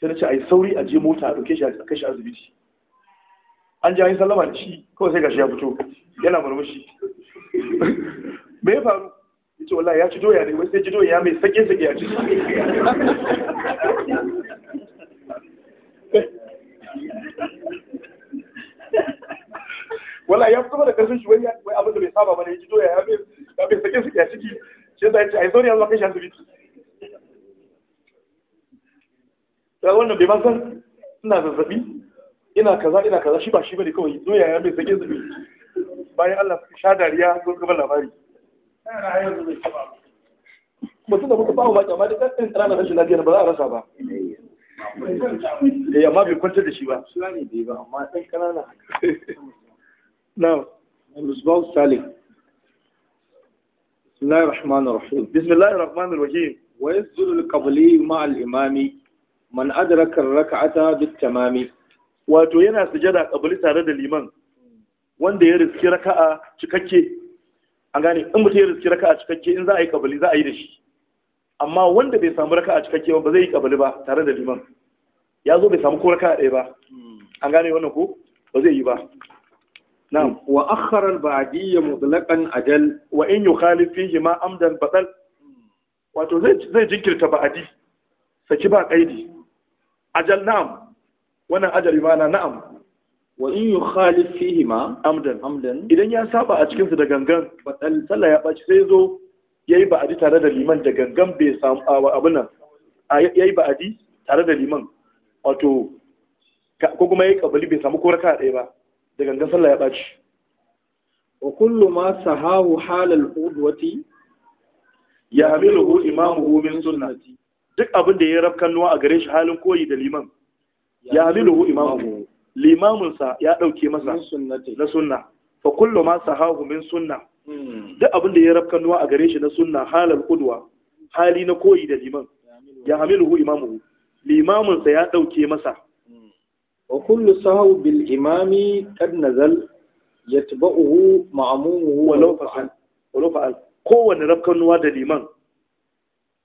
sai na ce a yi sauri a je mota a ɗauke shi a kai shi asibiti an ji an yi sallama da shi kawai sai gashi ya fito yana murmushi me ya faru yace wallahi ya ci doya ne wai sai ji doya mai sake sake a ciki wallahi ya fito da karfin shi wai abin da bai saba ba ne ya ci doya ya mai sake sake a ciki shi zai ce ai sauri yanzu kai shi asibiti ta wannan bai ban san suna zazzabi ina kaza ina kaza shi ba shi bane kawai zo yaya mai sake zube bayan Allah sha dariya sun gaba labari mutum da muka ba wa amma duk ɗan ƙananan na lafiya ba za a rasa ba eh amma bai kwantar da shi ba suna ne ba amma ɗan ƙanana na musbahu salim بسم الله الرحمن الرحيم ويسجد القبلي مع الإمام من أدرك الركعة بالتمام wato yana sujada kabali tare da liman wanda ya riski raka'a cikakke an gane in mutum ya riski raka'a cikakke in za a yi kabali za a yi da shi amma wanda bai samu raka'a cikakke ba zai yi kabali ba tare da liman ya zo bai samu ko raka'a ɗaya ba an gane wannan ko ba zai yi ba na'am wa akhara al-ba'diyya mutlaqan ajal wa in yukhalif fihi ma amdan batal wato zai zai jinkirta ba'adi saki ba kaidi ajal na'am wannan ajali mana na'am wa in yukhalif fihi ma amdan amdan idan ya saba a cikin su da gangan batal sallah ya baci sai zo yayi ba'adi tare da liman da gangan bai samu abin nan yayi ba'adi tare da liman wato ko kuma yayi kabali bai samu koraka raka ɗaya ba da gangan sallah ya baci wa kullu ma sahahu halal udwati ya amiluhu imamuhu min sunnati duk abin da ya rabkan nuwa a gare shi halin koyi da liman ya hu imamuhu limaminsa ya ɗauke masa na sunna fa kullu ma sahahu min sunna hmm. duk abin da ya rabkan nuwa a gare shi na sunna halal qudwa hali na koyi da liman ya hu imamuhu limaminsa ya ɗauke masa hmm. wa kullu sahahu bil imami qad nazal yatba'uhu ma'mumuhu law fa'al law fa'al kowanne rabkan nuwa da liman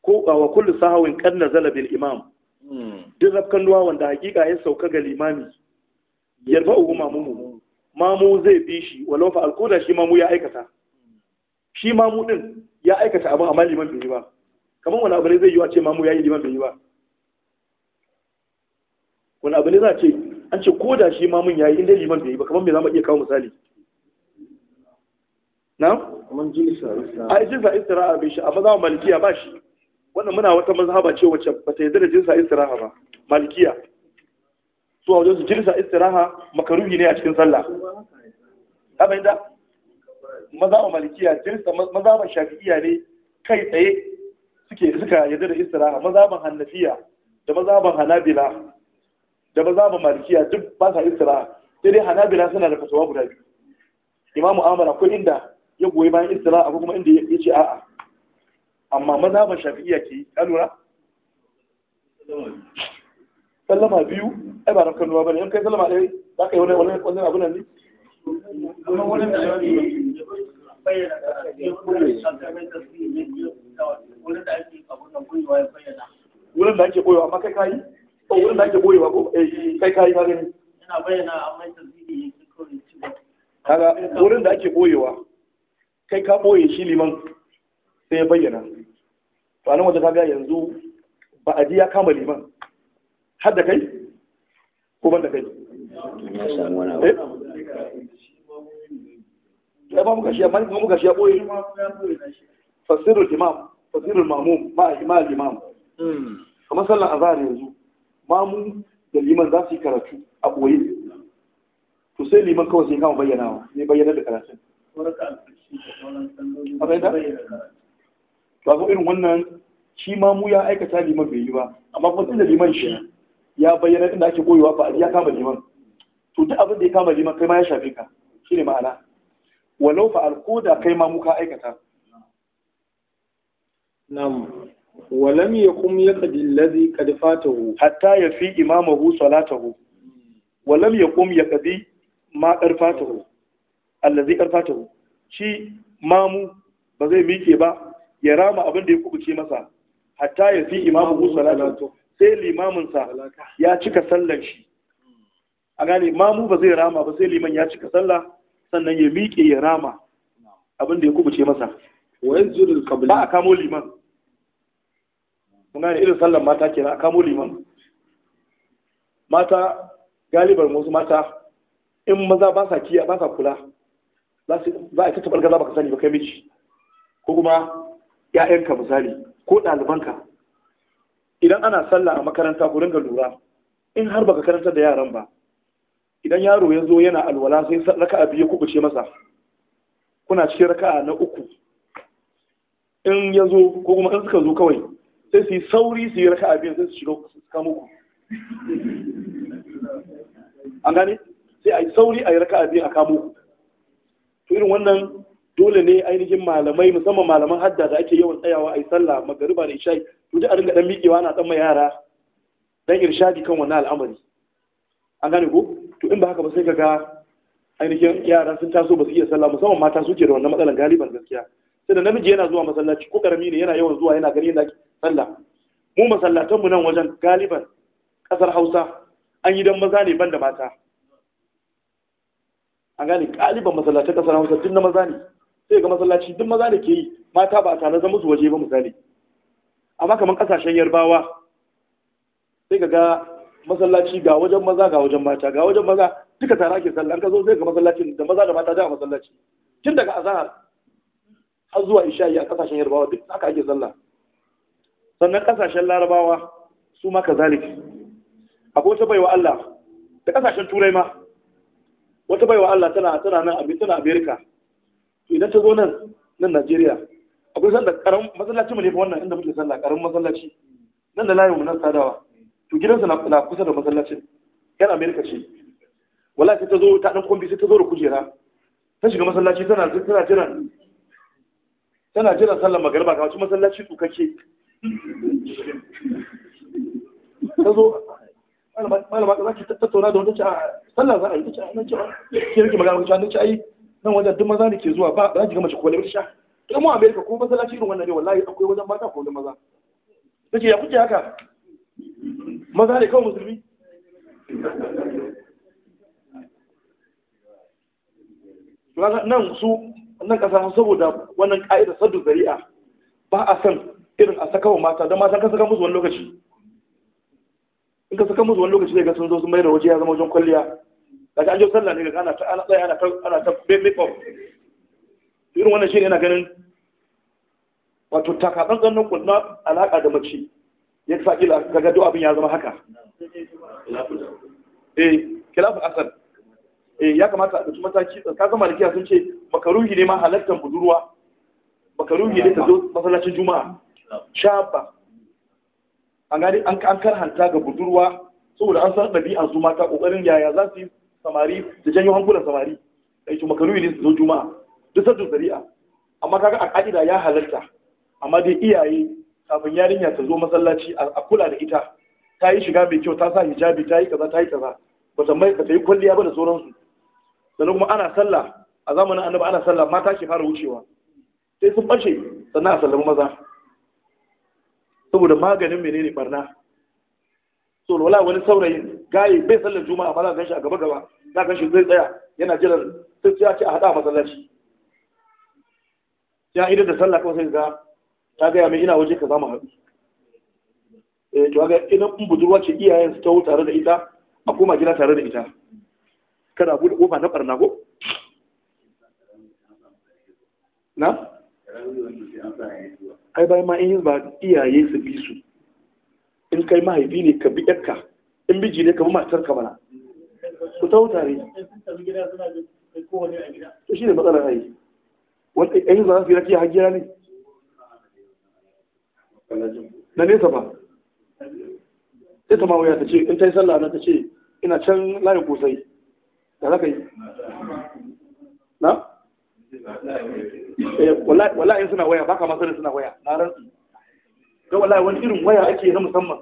ko wa kullu sahawin qad nazala bil imam hmm. duk rafkan ruwa wanda hakika ya sauka ga limami yarba ugu mamumu mamu zai bi shi walau fa alkoda shi mamu ya aikata shi mamu din ya aikata abin amma liman bai yi ba kamar wani abu ne zai yi wa ce mamu ya yi liman bai yi ba wani abu ne za a ce an ce ko da shi mamun ya yi inda liman bai yi ba kamar me za mu iya kawo misali na? kamar jinsa istira'a bai shi a maza malikiya ba shi wannan muna wata mazhaba ce wacce ba ta yarda da jinsa istiraha ba malikiya su wajen su jinsa istiraha makaruhi ne a cikin sallah ka fahimta mazhaba malikiya jinsa mazhaba shafi'iya ne kai tsaye suke suka yarda da istiraha mazhaban hannafiya da mazhaban hanabila da mazhaban malikiya duk ba sa istiraha sai dai hanabila suna da fatawa guda biyu imamu amara ko inda ya goyi bayan istiraha akwai kuma inda ya ce a'a amma maza mazhaban shafi'iyya ke ka lura sallama biyu ai ba rankan ruwa ne, yan kai sallama ɗaya za ka yi wani wani wani abu nan ne amma wannan da bayyana wurin da ake koyewa ya bayyana wurin da ake koyewa amma kai kayi ko wurin da ake koyewa ko eh kai kayi ka gani yana bayyana amma tasbihi yake kawai ci kaga wurin da ake koyewa kai ka boye shi liman sai ya bayyana to a nan wajen kaga yanzu ba a ji ya kama liman har da kai ko ban da kai eh? ya ba muka shi amma kuma mu shi ya boye fasirul imam fasirul mamum ma ma imam kamar sallan azhar yanzu mamu da liman za su yi karatu a boye to sai liman kawai sai kama bayyana ne bayyana da karatun a bayyana kaga irin wannan shi ma mu ya aikata liman bai yi ba amma kuma tunda liman shi ya bayyana inda ake koyewa fa ya kama liman to duk abin da ya kama liman kai ma ya shafe ka shine ma'ana walau fa alkoda kai ma muka aikata nam walam yakum yaqdi alladhi qad fatahu hatta yafi imamahu salatahu walam yakum yaqdi ma qad fatahu alladhi qad fatahu shi mamu ba zai mike ba ya rama abin da ya kubuce masa hatta ya fi imamu musu salatu sai limaminsa ya cika sallan shi a gane mamu ba zai rama ba sai liman ya cika sallah sannan ya miƙe ya rama abin da ya kubuce masa ba a kamo liman Mu gane irin sallan mata ke a kamo liman mata galibar wasu mata in maza ba sa kiya ba sa kula za a yi tattabar gaza ba ka sani ba kai miji ko kuma 'ya'yanka misali ko ɗalibanka idan ana sallah a makaranta ku dinga lura in har baka karanta da yaran ba idan yaro ya zo yana alwala sai raka'a biyu kubuce masa kuna cikin raka'a na uku in ya zo ko kuma in suka zo kawai sai su yi sauri su yi raka'a biyu sai su shiga su kamo ku an gane sai a yi sauri a yi raka'a biyu a kamo ku to irin wannan dole ne ainihin malamai musamman malaman hadda da ake yawan tsayawa a yi sallah magariba da isha'i su ji a ringa dan miƙewa na tsamma yara dan irshadi kan wannan al'amari an gane ko to in ba haka ba sai ka ga ainihin yara sun taso ba su iya sallah musamman mata su ke da wannan matsalar galiban gaskiya sai da namiji yana zuwa masallaci ko karami ne yana yawan zuwa yana gani yana sallah mu masallatanmu nan wajen galiban ƙasar hausa an yi don maza ne ban da mata an gane ƙaliban masallatan ƙasar hausa tun na maza ne sai ga masallaci duk maza da ke yi mata ba a tare zama su waje ba misali amma kamar kasashen yarbawa sai ga ga masallaci ga wajen maza ga wajen mata ga wajen maza duka tara ke sallah an ka zo sai ga masallacin da maza da mata da masallaci tun daga azahar har zuwa isha'i a kasashen yarbawa duk haka ake sallah sannan kasashen larabawa su ma kazalik akwai wata baiwa Allah da kasashen turai ma wata baiwa Allah tana tana nan a tana Amerika idan ta zo nan nan Najeriya akwai sanda karam masallaci mu ne wannan inda muke sallah karam masallaci nan da layin mu nan sadawa to gidansa na kusa da masallacin yan Amerika ce wallahi ta zo ta dan kombi sai ta zo da kujera ta shiga masallaci tana tana jiran tana jiran sallar magariba ga wacce masallaci kake. ta zo malama za ki tattauna da wata ce a sallah za a yi ta ce a nan ce a ke rike magana a, nan ce a yi nan wajen duk maza ne ke zuwa ba za ki ga mace ko labar sha to mu amerika ko masallaci irin wannan ne wallahi akwai wajen mata ko wajen maza take ya kuke haka maza ne kawai musulmi nan su nan kasa saboda wannan ka'idar saddu zari'a ba a san irin a sakawa mata don mata kan saka musu wani lokaci in ka saka musu wani lokaci zai ga sun zo sun mai da waje ya zama wajen kwalliya kaga an je sallah ne ga ana ta ana tsaya ana ta ana ta make up irin wannan shine na ganin wato takaban zannan kunna alaka da mace ya sa kila ga duk abin ya zama haka eh kilafu asal eh ya kamata a ɗauki mataki ka zama da sun ce makaruhi ne ma halartar budurwa makaruhi ne ta zo masallacin juma'a shafa an gani an karhanta ga budurwa saboda an san ɗabi'ar su mata ƙoƙarin yaya za su yi samari da janyo hankulan samari da yake makaruni ne su zo juma'a duk sattu zari'a amma kaga a ka'ida ya halarta amma dai iyaye kafin yarinya ta zo masallaci a kula da ita ta yi shiga mai kyau ta sa hijabi ta yi kaza ta yi kaza ba ta mai ta yi kwalliya ba da sauransu sannan kuma ana sallah a zamanin annabi ana sallah mata ke fara wucewa sai sun bace sannan a sallama maza saboda maganin menene barna so wala wani saurayin gaye bai sallar juma'a ba za ka shi a gaba gaba za ka shi zai tsaya yana jiran sai ya ce a hada masallaci ya idan da sallah kawai sai ga ta gaya mai ina waje ka zama haɗu eh to ga ina in budurwa ce iyayen su tawo tare da ita a koma gida tare da ita kada bude kofa na barna ko na ai bai ma in yi ba iyaye su bi su in kai mahaifi ne ka bi yarka in miji ne kamar matar ka mana ku ta ne to shi ne matsalar hayi wanda ɗan za su yi rafiya hajjira ne na nesa ba Ita ma wuya ta ce in ta yi sallah na ta ce ina can layin kosai da za ka yi na? Eh, wala'in suna waya baka masarar suna waya na rantsi ga wala'in wani irin waya ake na musamman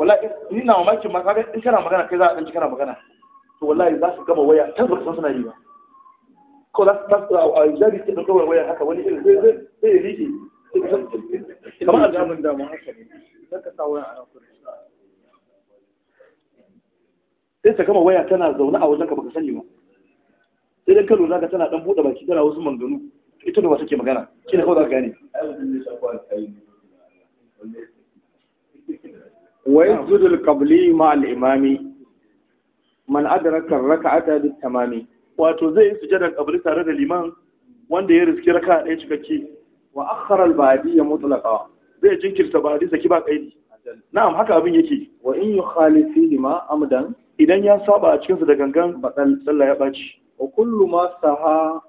wallahi ni na mamaki ma kaga in kana magana kai za a danci kana magana to wallahi za su gama waya ta zurfin suna yi ba ko za su tasu a jari ke da kawai waya haka wani irin zai zai rike kamar a jamun damu haka ne zaka sa waya a sai ta gama waya tana zaune a wajen ka baka sani ba sai dan kano zaka tana dan bude baki tana wasu manganu ita da wata ke magana shi ne kawai zaka gane wa yasjudu al-qabli ma al-imami man adraka ar-rak'ata bit-tamami wato zai yi sujada qabli tare da liman wanda ya riski raka ɗaya cikakke wa akhara al-ba'di ya mutlaqa zai jinkirta ba'di saki ba kaidi na'am haka abin yake wa in yukhalifi lima amdan idan ya saba a cikinsa da gangan baɗal ya ɓaci wa kullu ma saha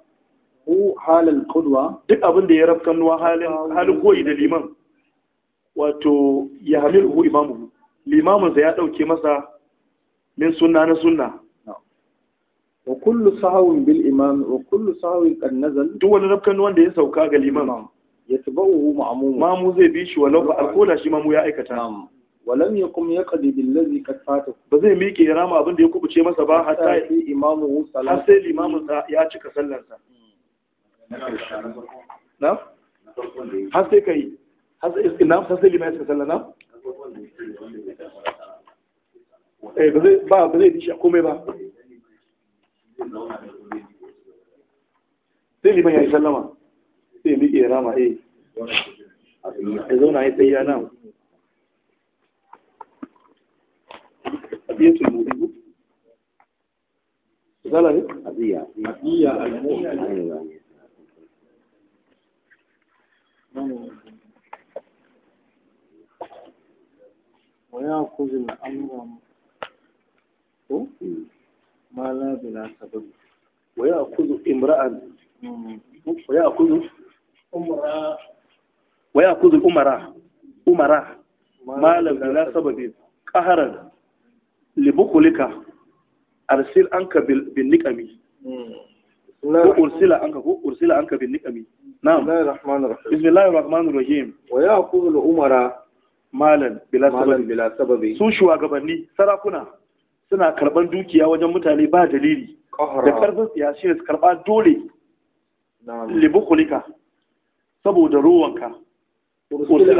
hu halal qudwa duk abinda ya rafkan nuwa halin koyi da liman wato ya hamilu imamu limaminsa ya ɗauke masa min sunna na sunna wa kullu sahawin bil imam wa kullu sahawin kan nazal duk wani rafkan wanda ya sauka ga liman ya tabawu ma'mum mamu zai bi shi walau ba alkola shi mamu ya aikata lam yakum yaqdi bil ladhi qad fata ba zai miƙe ya rama abin da ya kubuce masa ba hatta sai imamu har sai limamu ya cika sallar sa hmm. na har sai kai har sai iskin nan sai liman iska sallah nan eh ba zai ba ba zai dishi komai ba sai liman ya yi sallama sai mi iya eh. tsaye al-mu'min ويأخذ الأمر ما لا بلا سبب ويأخذ امرأ ويأخذ أمرا ويأخذ الأمراء أمراء ما لا بلا سبب قهرا لبخلك أرسل أنك بالنقم وأرسل أنك أرسل أنك بالنقم نعم بسم الله الرحمن الرحيم ويأخذ الأمراء malan bila sababi su shugabanni sarakuna suna karban dukiya wajen mutane ba dalili da karfin siyasi shi ne su karba dole libukulika saboda ruwanka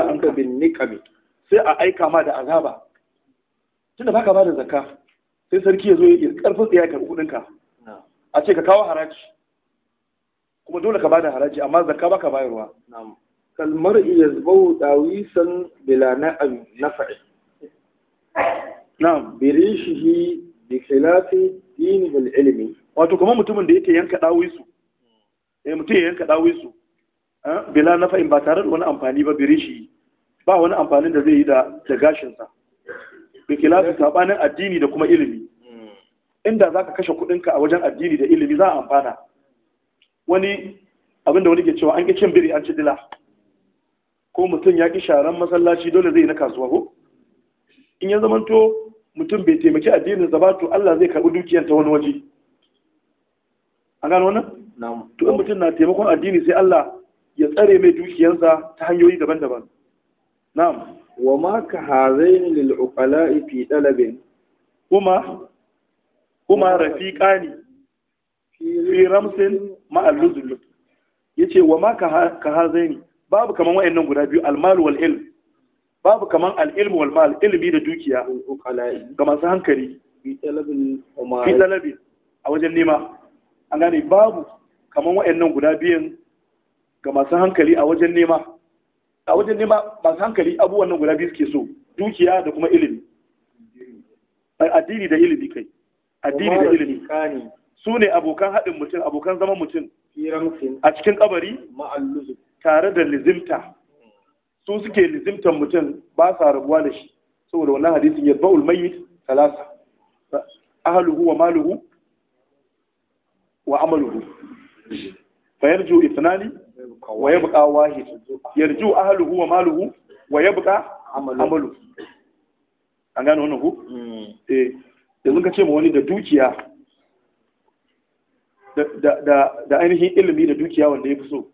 anka sai a aika ma da azaba tunda baka ba da zakka sai sarki ya zo ya karfin siya ya karbi kudinka a ce ka kawo haraji kuma dole ka ba da haraji amma zakka baka bayarwa kalmar iya zubau dawisan bila na fa'i na'am birishihi bi khilafi dini wal ilimi wato kuma mutumin da yake yanka dawisu eh mutum ya yanka dawisu eh, bila fa'in ba tare da wani amfani ba shi ba wani amfanin da zai yi da gashinsa da kilafi sabanin addini da kuma ilimi hmm. inda za ka kashe kudinka a wajen addini da ilimi za a amfana wani abinda wani ke cewa an ƙi cin biri an ci dila ko mutum ya ƙi sharan masallaci dole zai na kasuwa ko in ya zamanto mutum bai taimaki addinin sa ba to Allah zai karɓi dukiyar ta wani waje an gano wannan to in mutum na taimakon addini sai Allah ya tsare mai dukiyarsa ta hanyoyi daban-daban na'am wa ma ka hazaini lil uqala'i fi talabin kuma kuma rafiqani fi ramsin ma'al luzul yace wa ma ka hazaini babu kaman wayannan guda biyu almal wal ilm babu kaman al ilm wal mal ilimi da dukiya ga masu hankali fi talabin a wajen nema an gane babu kaman wayannan guda biyun ga masu hankali a wajen nema a wajen nema masu hankali abubuwan nan guda biyu suke so dukiya da kuma ilimi addini da ilimi kai addini da ilimi su ne abokan haɗin mutum abokan zaman mutum a cikin kabari tare da lizimta su suke lizimtan mutum ba sa rabuwa da shi saboda wannan hadisin ya ba'ul mayyit talasa ahluhu wa maluhu wa amaluhu fa yarju ithnani wa yabqa wahid yarju ahluhu wa maluhu wa yabqa amalu an gane wannan ku hmm. eh yanzu ka ce mu wani da dukiya da ainihin ilimi da dukiya wanda ya fi so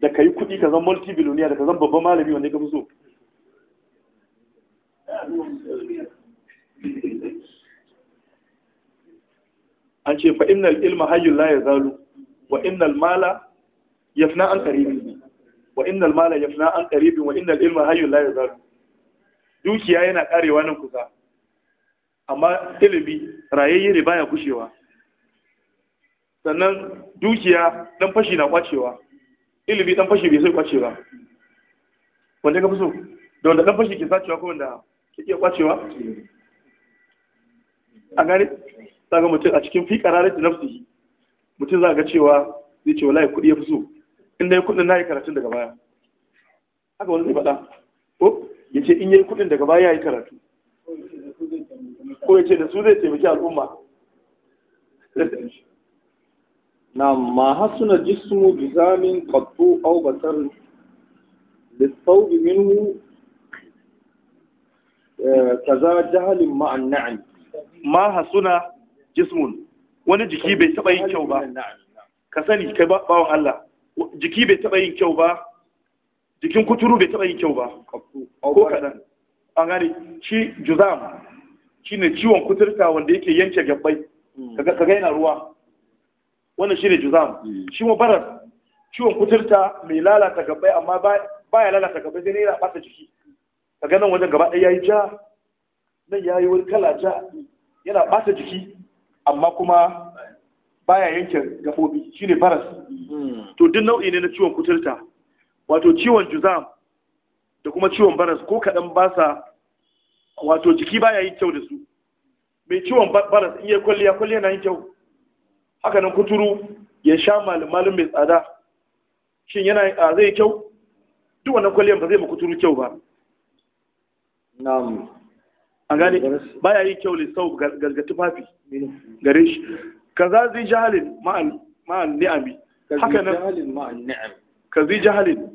da ka yi kuɗi ka zan multi biloniya da ka zan babban malami wanda ya fi so an ce fa inal ilma hayyul la zalu, wa inal mala yafna an karibi wa inal mala yafna an karibi wa inal ilma hayyul la zalu dukiya yana karewa nan kusa amma ilimi rayayye ne baya kushewa sannan dukiya dan fashi na kwacewa ilimi dan fashi bai sai kwace ba wanda ka fi so da wanda dan fashi ke sacewa ko wanda ke iya kwacewa a gani za ga mutum a cikin fi kararar da nafsihi mutum za ga cewa zai ce wallahi kuɗi ya fi so in dai kuɗin na yi karatun daga baya haka wani zai faɗa ko ya ce in yi kuɗin daga baya ya yi karatu ko ya ce da su zai taimaki al'umma Na ما حسن الجسم بزام قط أو بتر للثوب منه كذا جهل مع النعم ma hasuna جسم wani jiki bai taɓa yin kyau ba ka sani kai ba bawan Allah jiki bai taɓa yin kyau ba jikin kuturu bai taɓa yin kyau ba ko kaɗan an gane shi juzam shi ne ciwon kuturta wanda yake yanke gabbai kaga yana ruwa wannan ne juzam hmm. shi mu barar ciwon kuturta mai lalata gabai amma ba ya lalata gabai sai ne yana bata jiki kaga nan wajen gaba ɗaya yayi ja nan yayi wani kala ja yana bata jiki amma kuma ba ya yanke gabobi ne baras hmm. to duk nau'i ne na ciwon kuturta wato ciwon juzam da kuma ciwon baras ko kaɗan ba sa wato jiki ba ya yin kyau da su mai ciwon baras iya kwalliya kwalliya na yin kyau haka nan kuturu ya sha malamalin mai tsada shin yana a zai kyau duk wannan kwaliyar ba zai ma kuturu kyau ba A an ba ya yi kyau sau ga tufafi gare shi Ka za zai jahalin ma'an ni'ami ka zai jahalin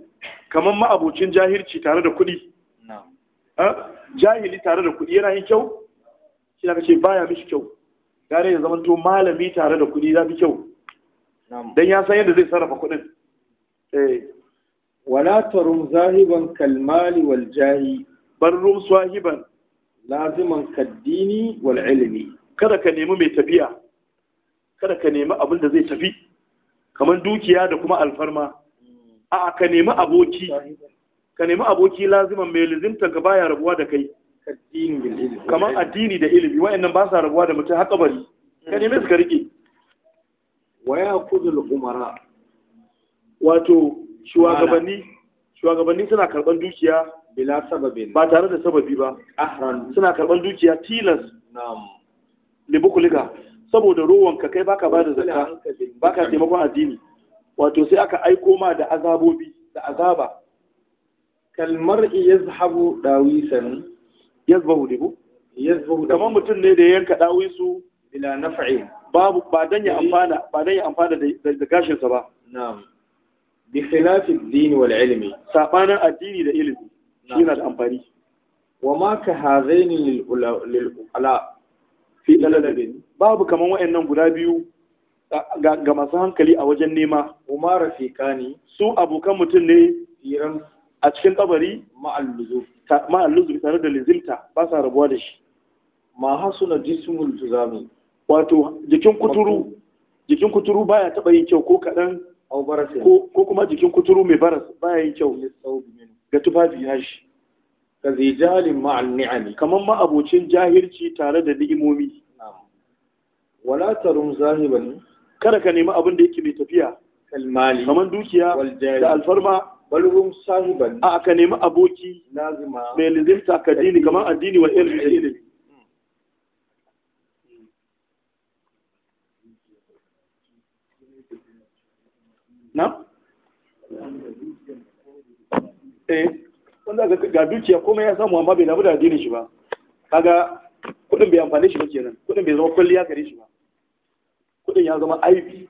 kamar ma'abocin jahilci tare da kuɗi jahili tare da kuɗi yana yin kyau shi ka ce baya mishi kyau gare ya zama to malami tare da kuɗi za fi kyau dan ya san yadda zai sarrafa kuɗin eh wala tarum zahiban kalmali wal jahi rum sahiban laziman kaddini wal ilmi kada ka nemi mai tafiya kada ka nemi abin da zai tafi kamar dukiya da kuma alfarma a'a ka nemi aboki ka nemi aboki laziman mai lizinta ga baya rabuwa da kai kamar addini da ilimi wa'annan ba sa rabuwa da mutum haka bari ka neme su ka riƙe. waya kudul umara wato shugabanni shugabanni suna karban dukiya bila ba tare da sababi ba suna karban dukiya tilas na libukulika saboda rowanka kai baka bada zakka baka taimakon addini wato sai aka aiko ma da azabobi da azaba kalmar zahabu dawisan yazbahu ne ko yazbahu kamar mutum ne da ya yanka dawin su bila naf'i babu ba dan ya amfana ba dan ya amfana da gashin sa ba na'am bi khilafi ad-din wal ilmi sabanin addini da ilimi shi yana da amfani wa ma ka hazaini lil ulala fi dalalabin babu kaman wayannan guda biyu ga masu hankali a wajen nema umar rafiqani su abokan mutum ne a cikin kabari ma'al luzuf ma alluzumi tare da lizilta ba sa rabuwa da shi ma hasuna jismul tuzami wato jikin kuturu jikin kuturu baya taba yin kyau ko kadan ko kuma jikin kuturu mai baras baya yin kyau ga tufafi ya shi ka zijalin ma'al ni'ami kamar ma abocin jahilci tare da ni'imomi wala tarum zahiban kada ka nemi abin da yake mai tafiya kalmali kamar dukiya da alfarma balhum sahiban a ka nemi aboki mai lizimta ka dini kamar addini wa ilmi da ilimi na? eh wanda ga dukiya kuma ya samu amma bai damu da addini shi ba kaga kudin bai amfani shi ba kenan kudin bai zama kwalliya gare shi ba kudin ya zama aibi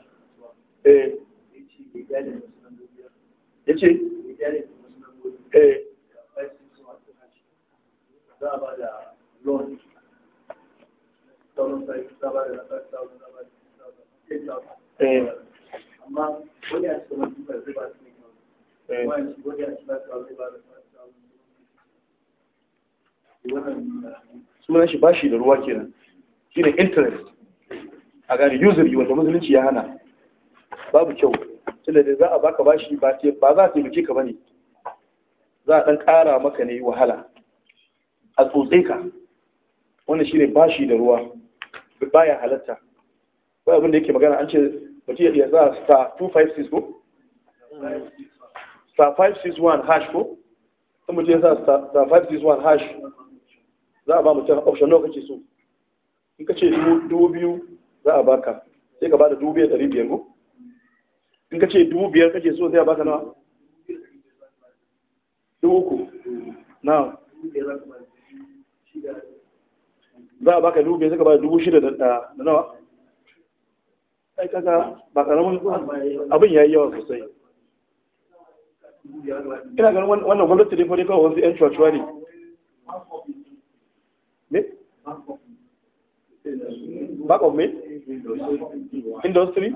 eh ya ce da eh. wani eh. wani wani shi bashi da ruwa kenan shine interest a gane usury wanda musulunci ya hana babu kyau tunda da za a baka bashi ba ba za a taimake ka bane za a dan ƙara maka ne wahala a tsotse ka wannan shine bashi da ruwa baya halatta Ba abin da yake magana an ce mutum ya za a star 256 ko star 561 hash ko in mutum ya sa star 561 hash za a ba mutum option nawa kake so in ka ce dubu biyu za a baka sai ka ba da dubu biyar ɗari biyar ko in ka ce dubu biyar kake so zai a baka nawa dubu uku na za a baka dubu biyar suka ba dubu shida da nawa ai kaka ba karamin abin ya yi yawa sosai ina ganin wannan gwamnati da fari kawai wasu 'yan cuwa ne ne? back of me? industry?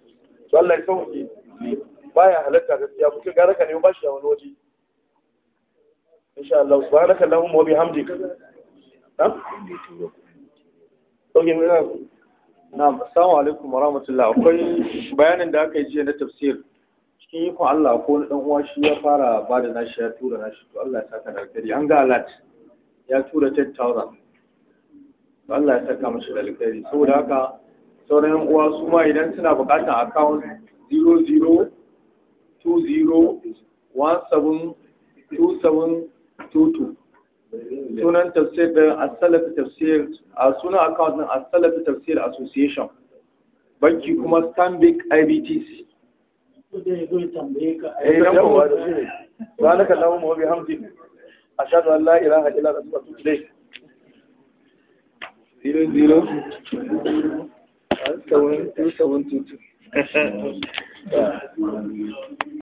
to Allah ya sauke baya halatta gaskiya mutum gara ka nemi bashi a wani waje insha Allah subhanaka allahumma wa bihamdika na'am sauke mu na'am assalamu alaikum wa rahmatullah akwai bayanin da aka yi jiya na tafsir cikin ikon Allah ko na dan uwa shi ya fara ba da nashi ya tura nashi to Allah ya saka da alkhairi an ga alat ya tura 10000 to Allah ya saka mashi da alkhairi saboda haka sauran yan uwa su ma idan suna bukatar account 0020172722 sunan tafsir da asalafi tafsir a sunan account din asalafi tafsir association banki kuma stanbic ibtc ذلك اللهم وبحمدك أشهد أن لا إله إلا أنت أتوب إليك 00 2722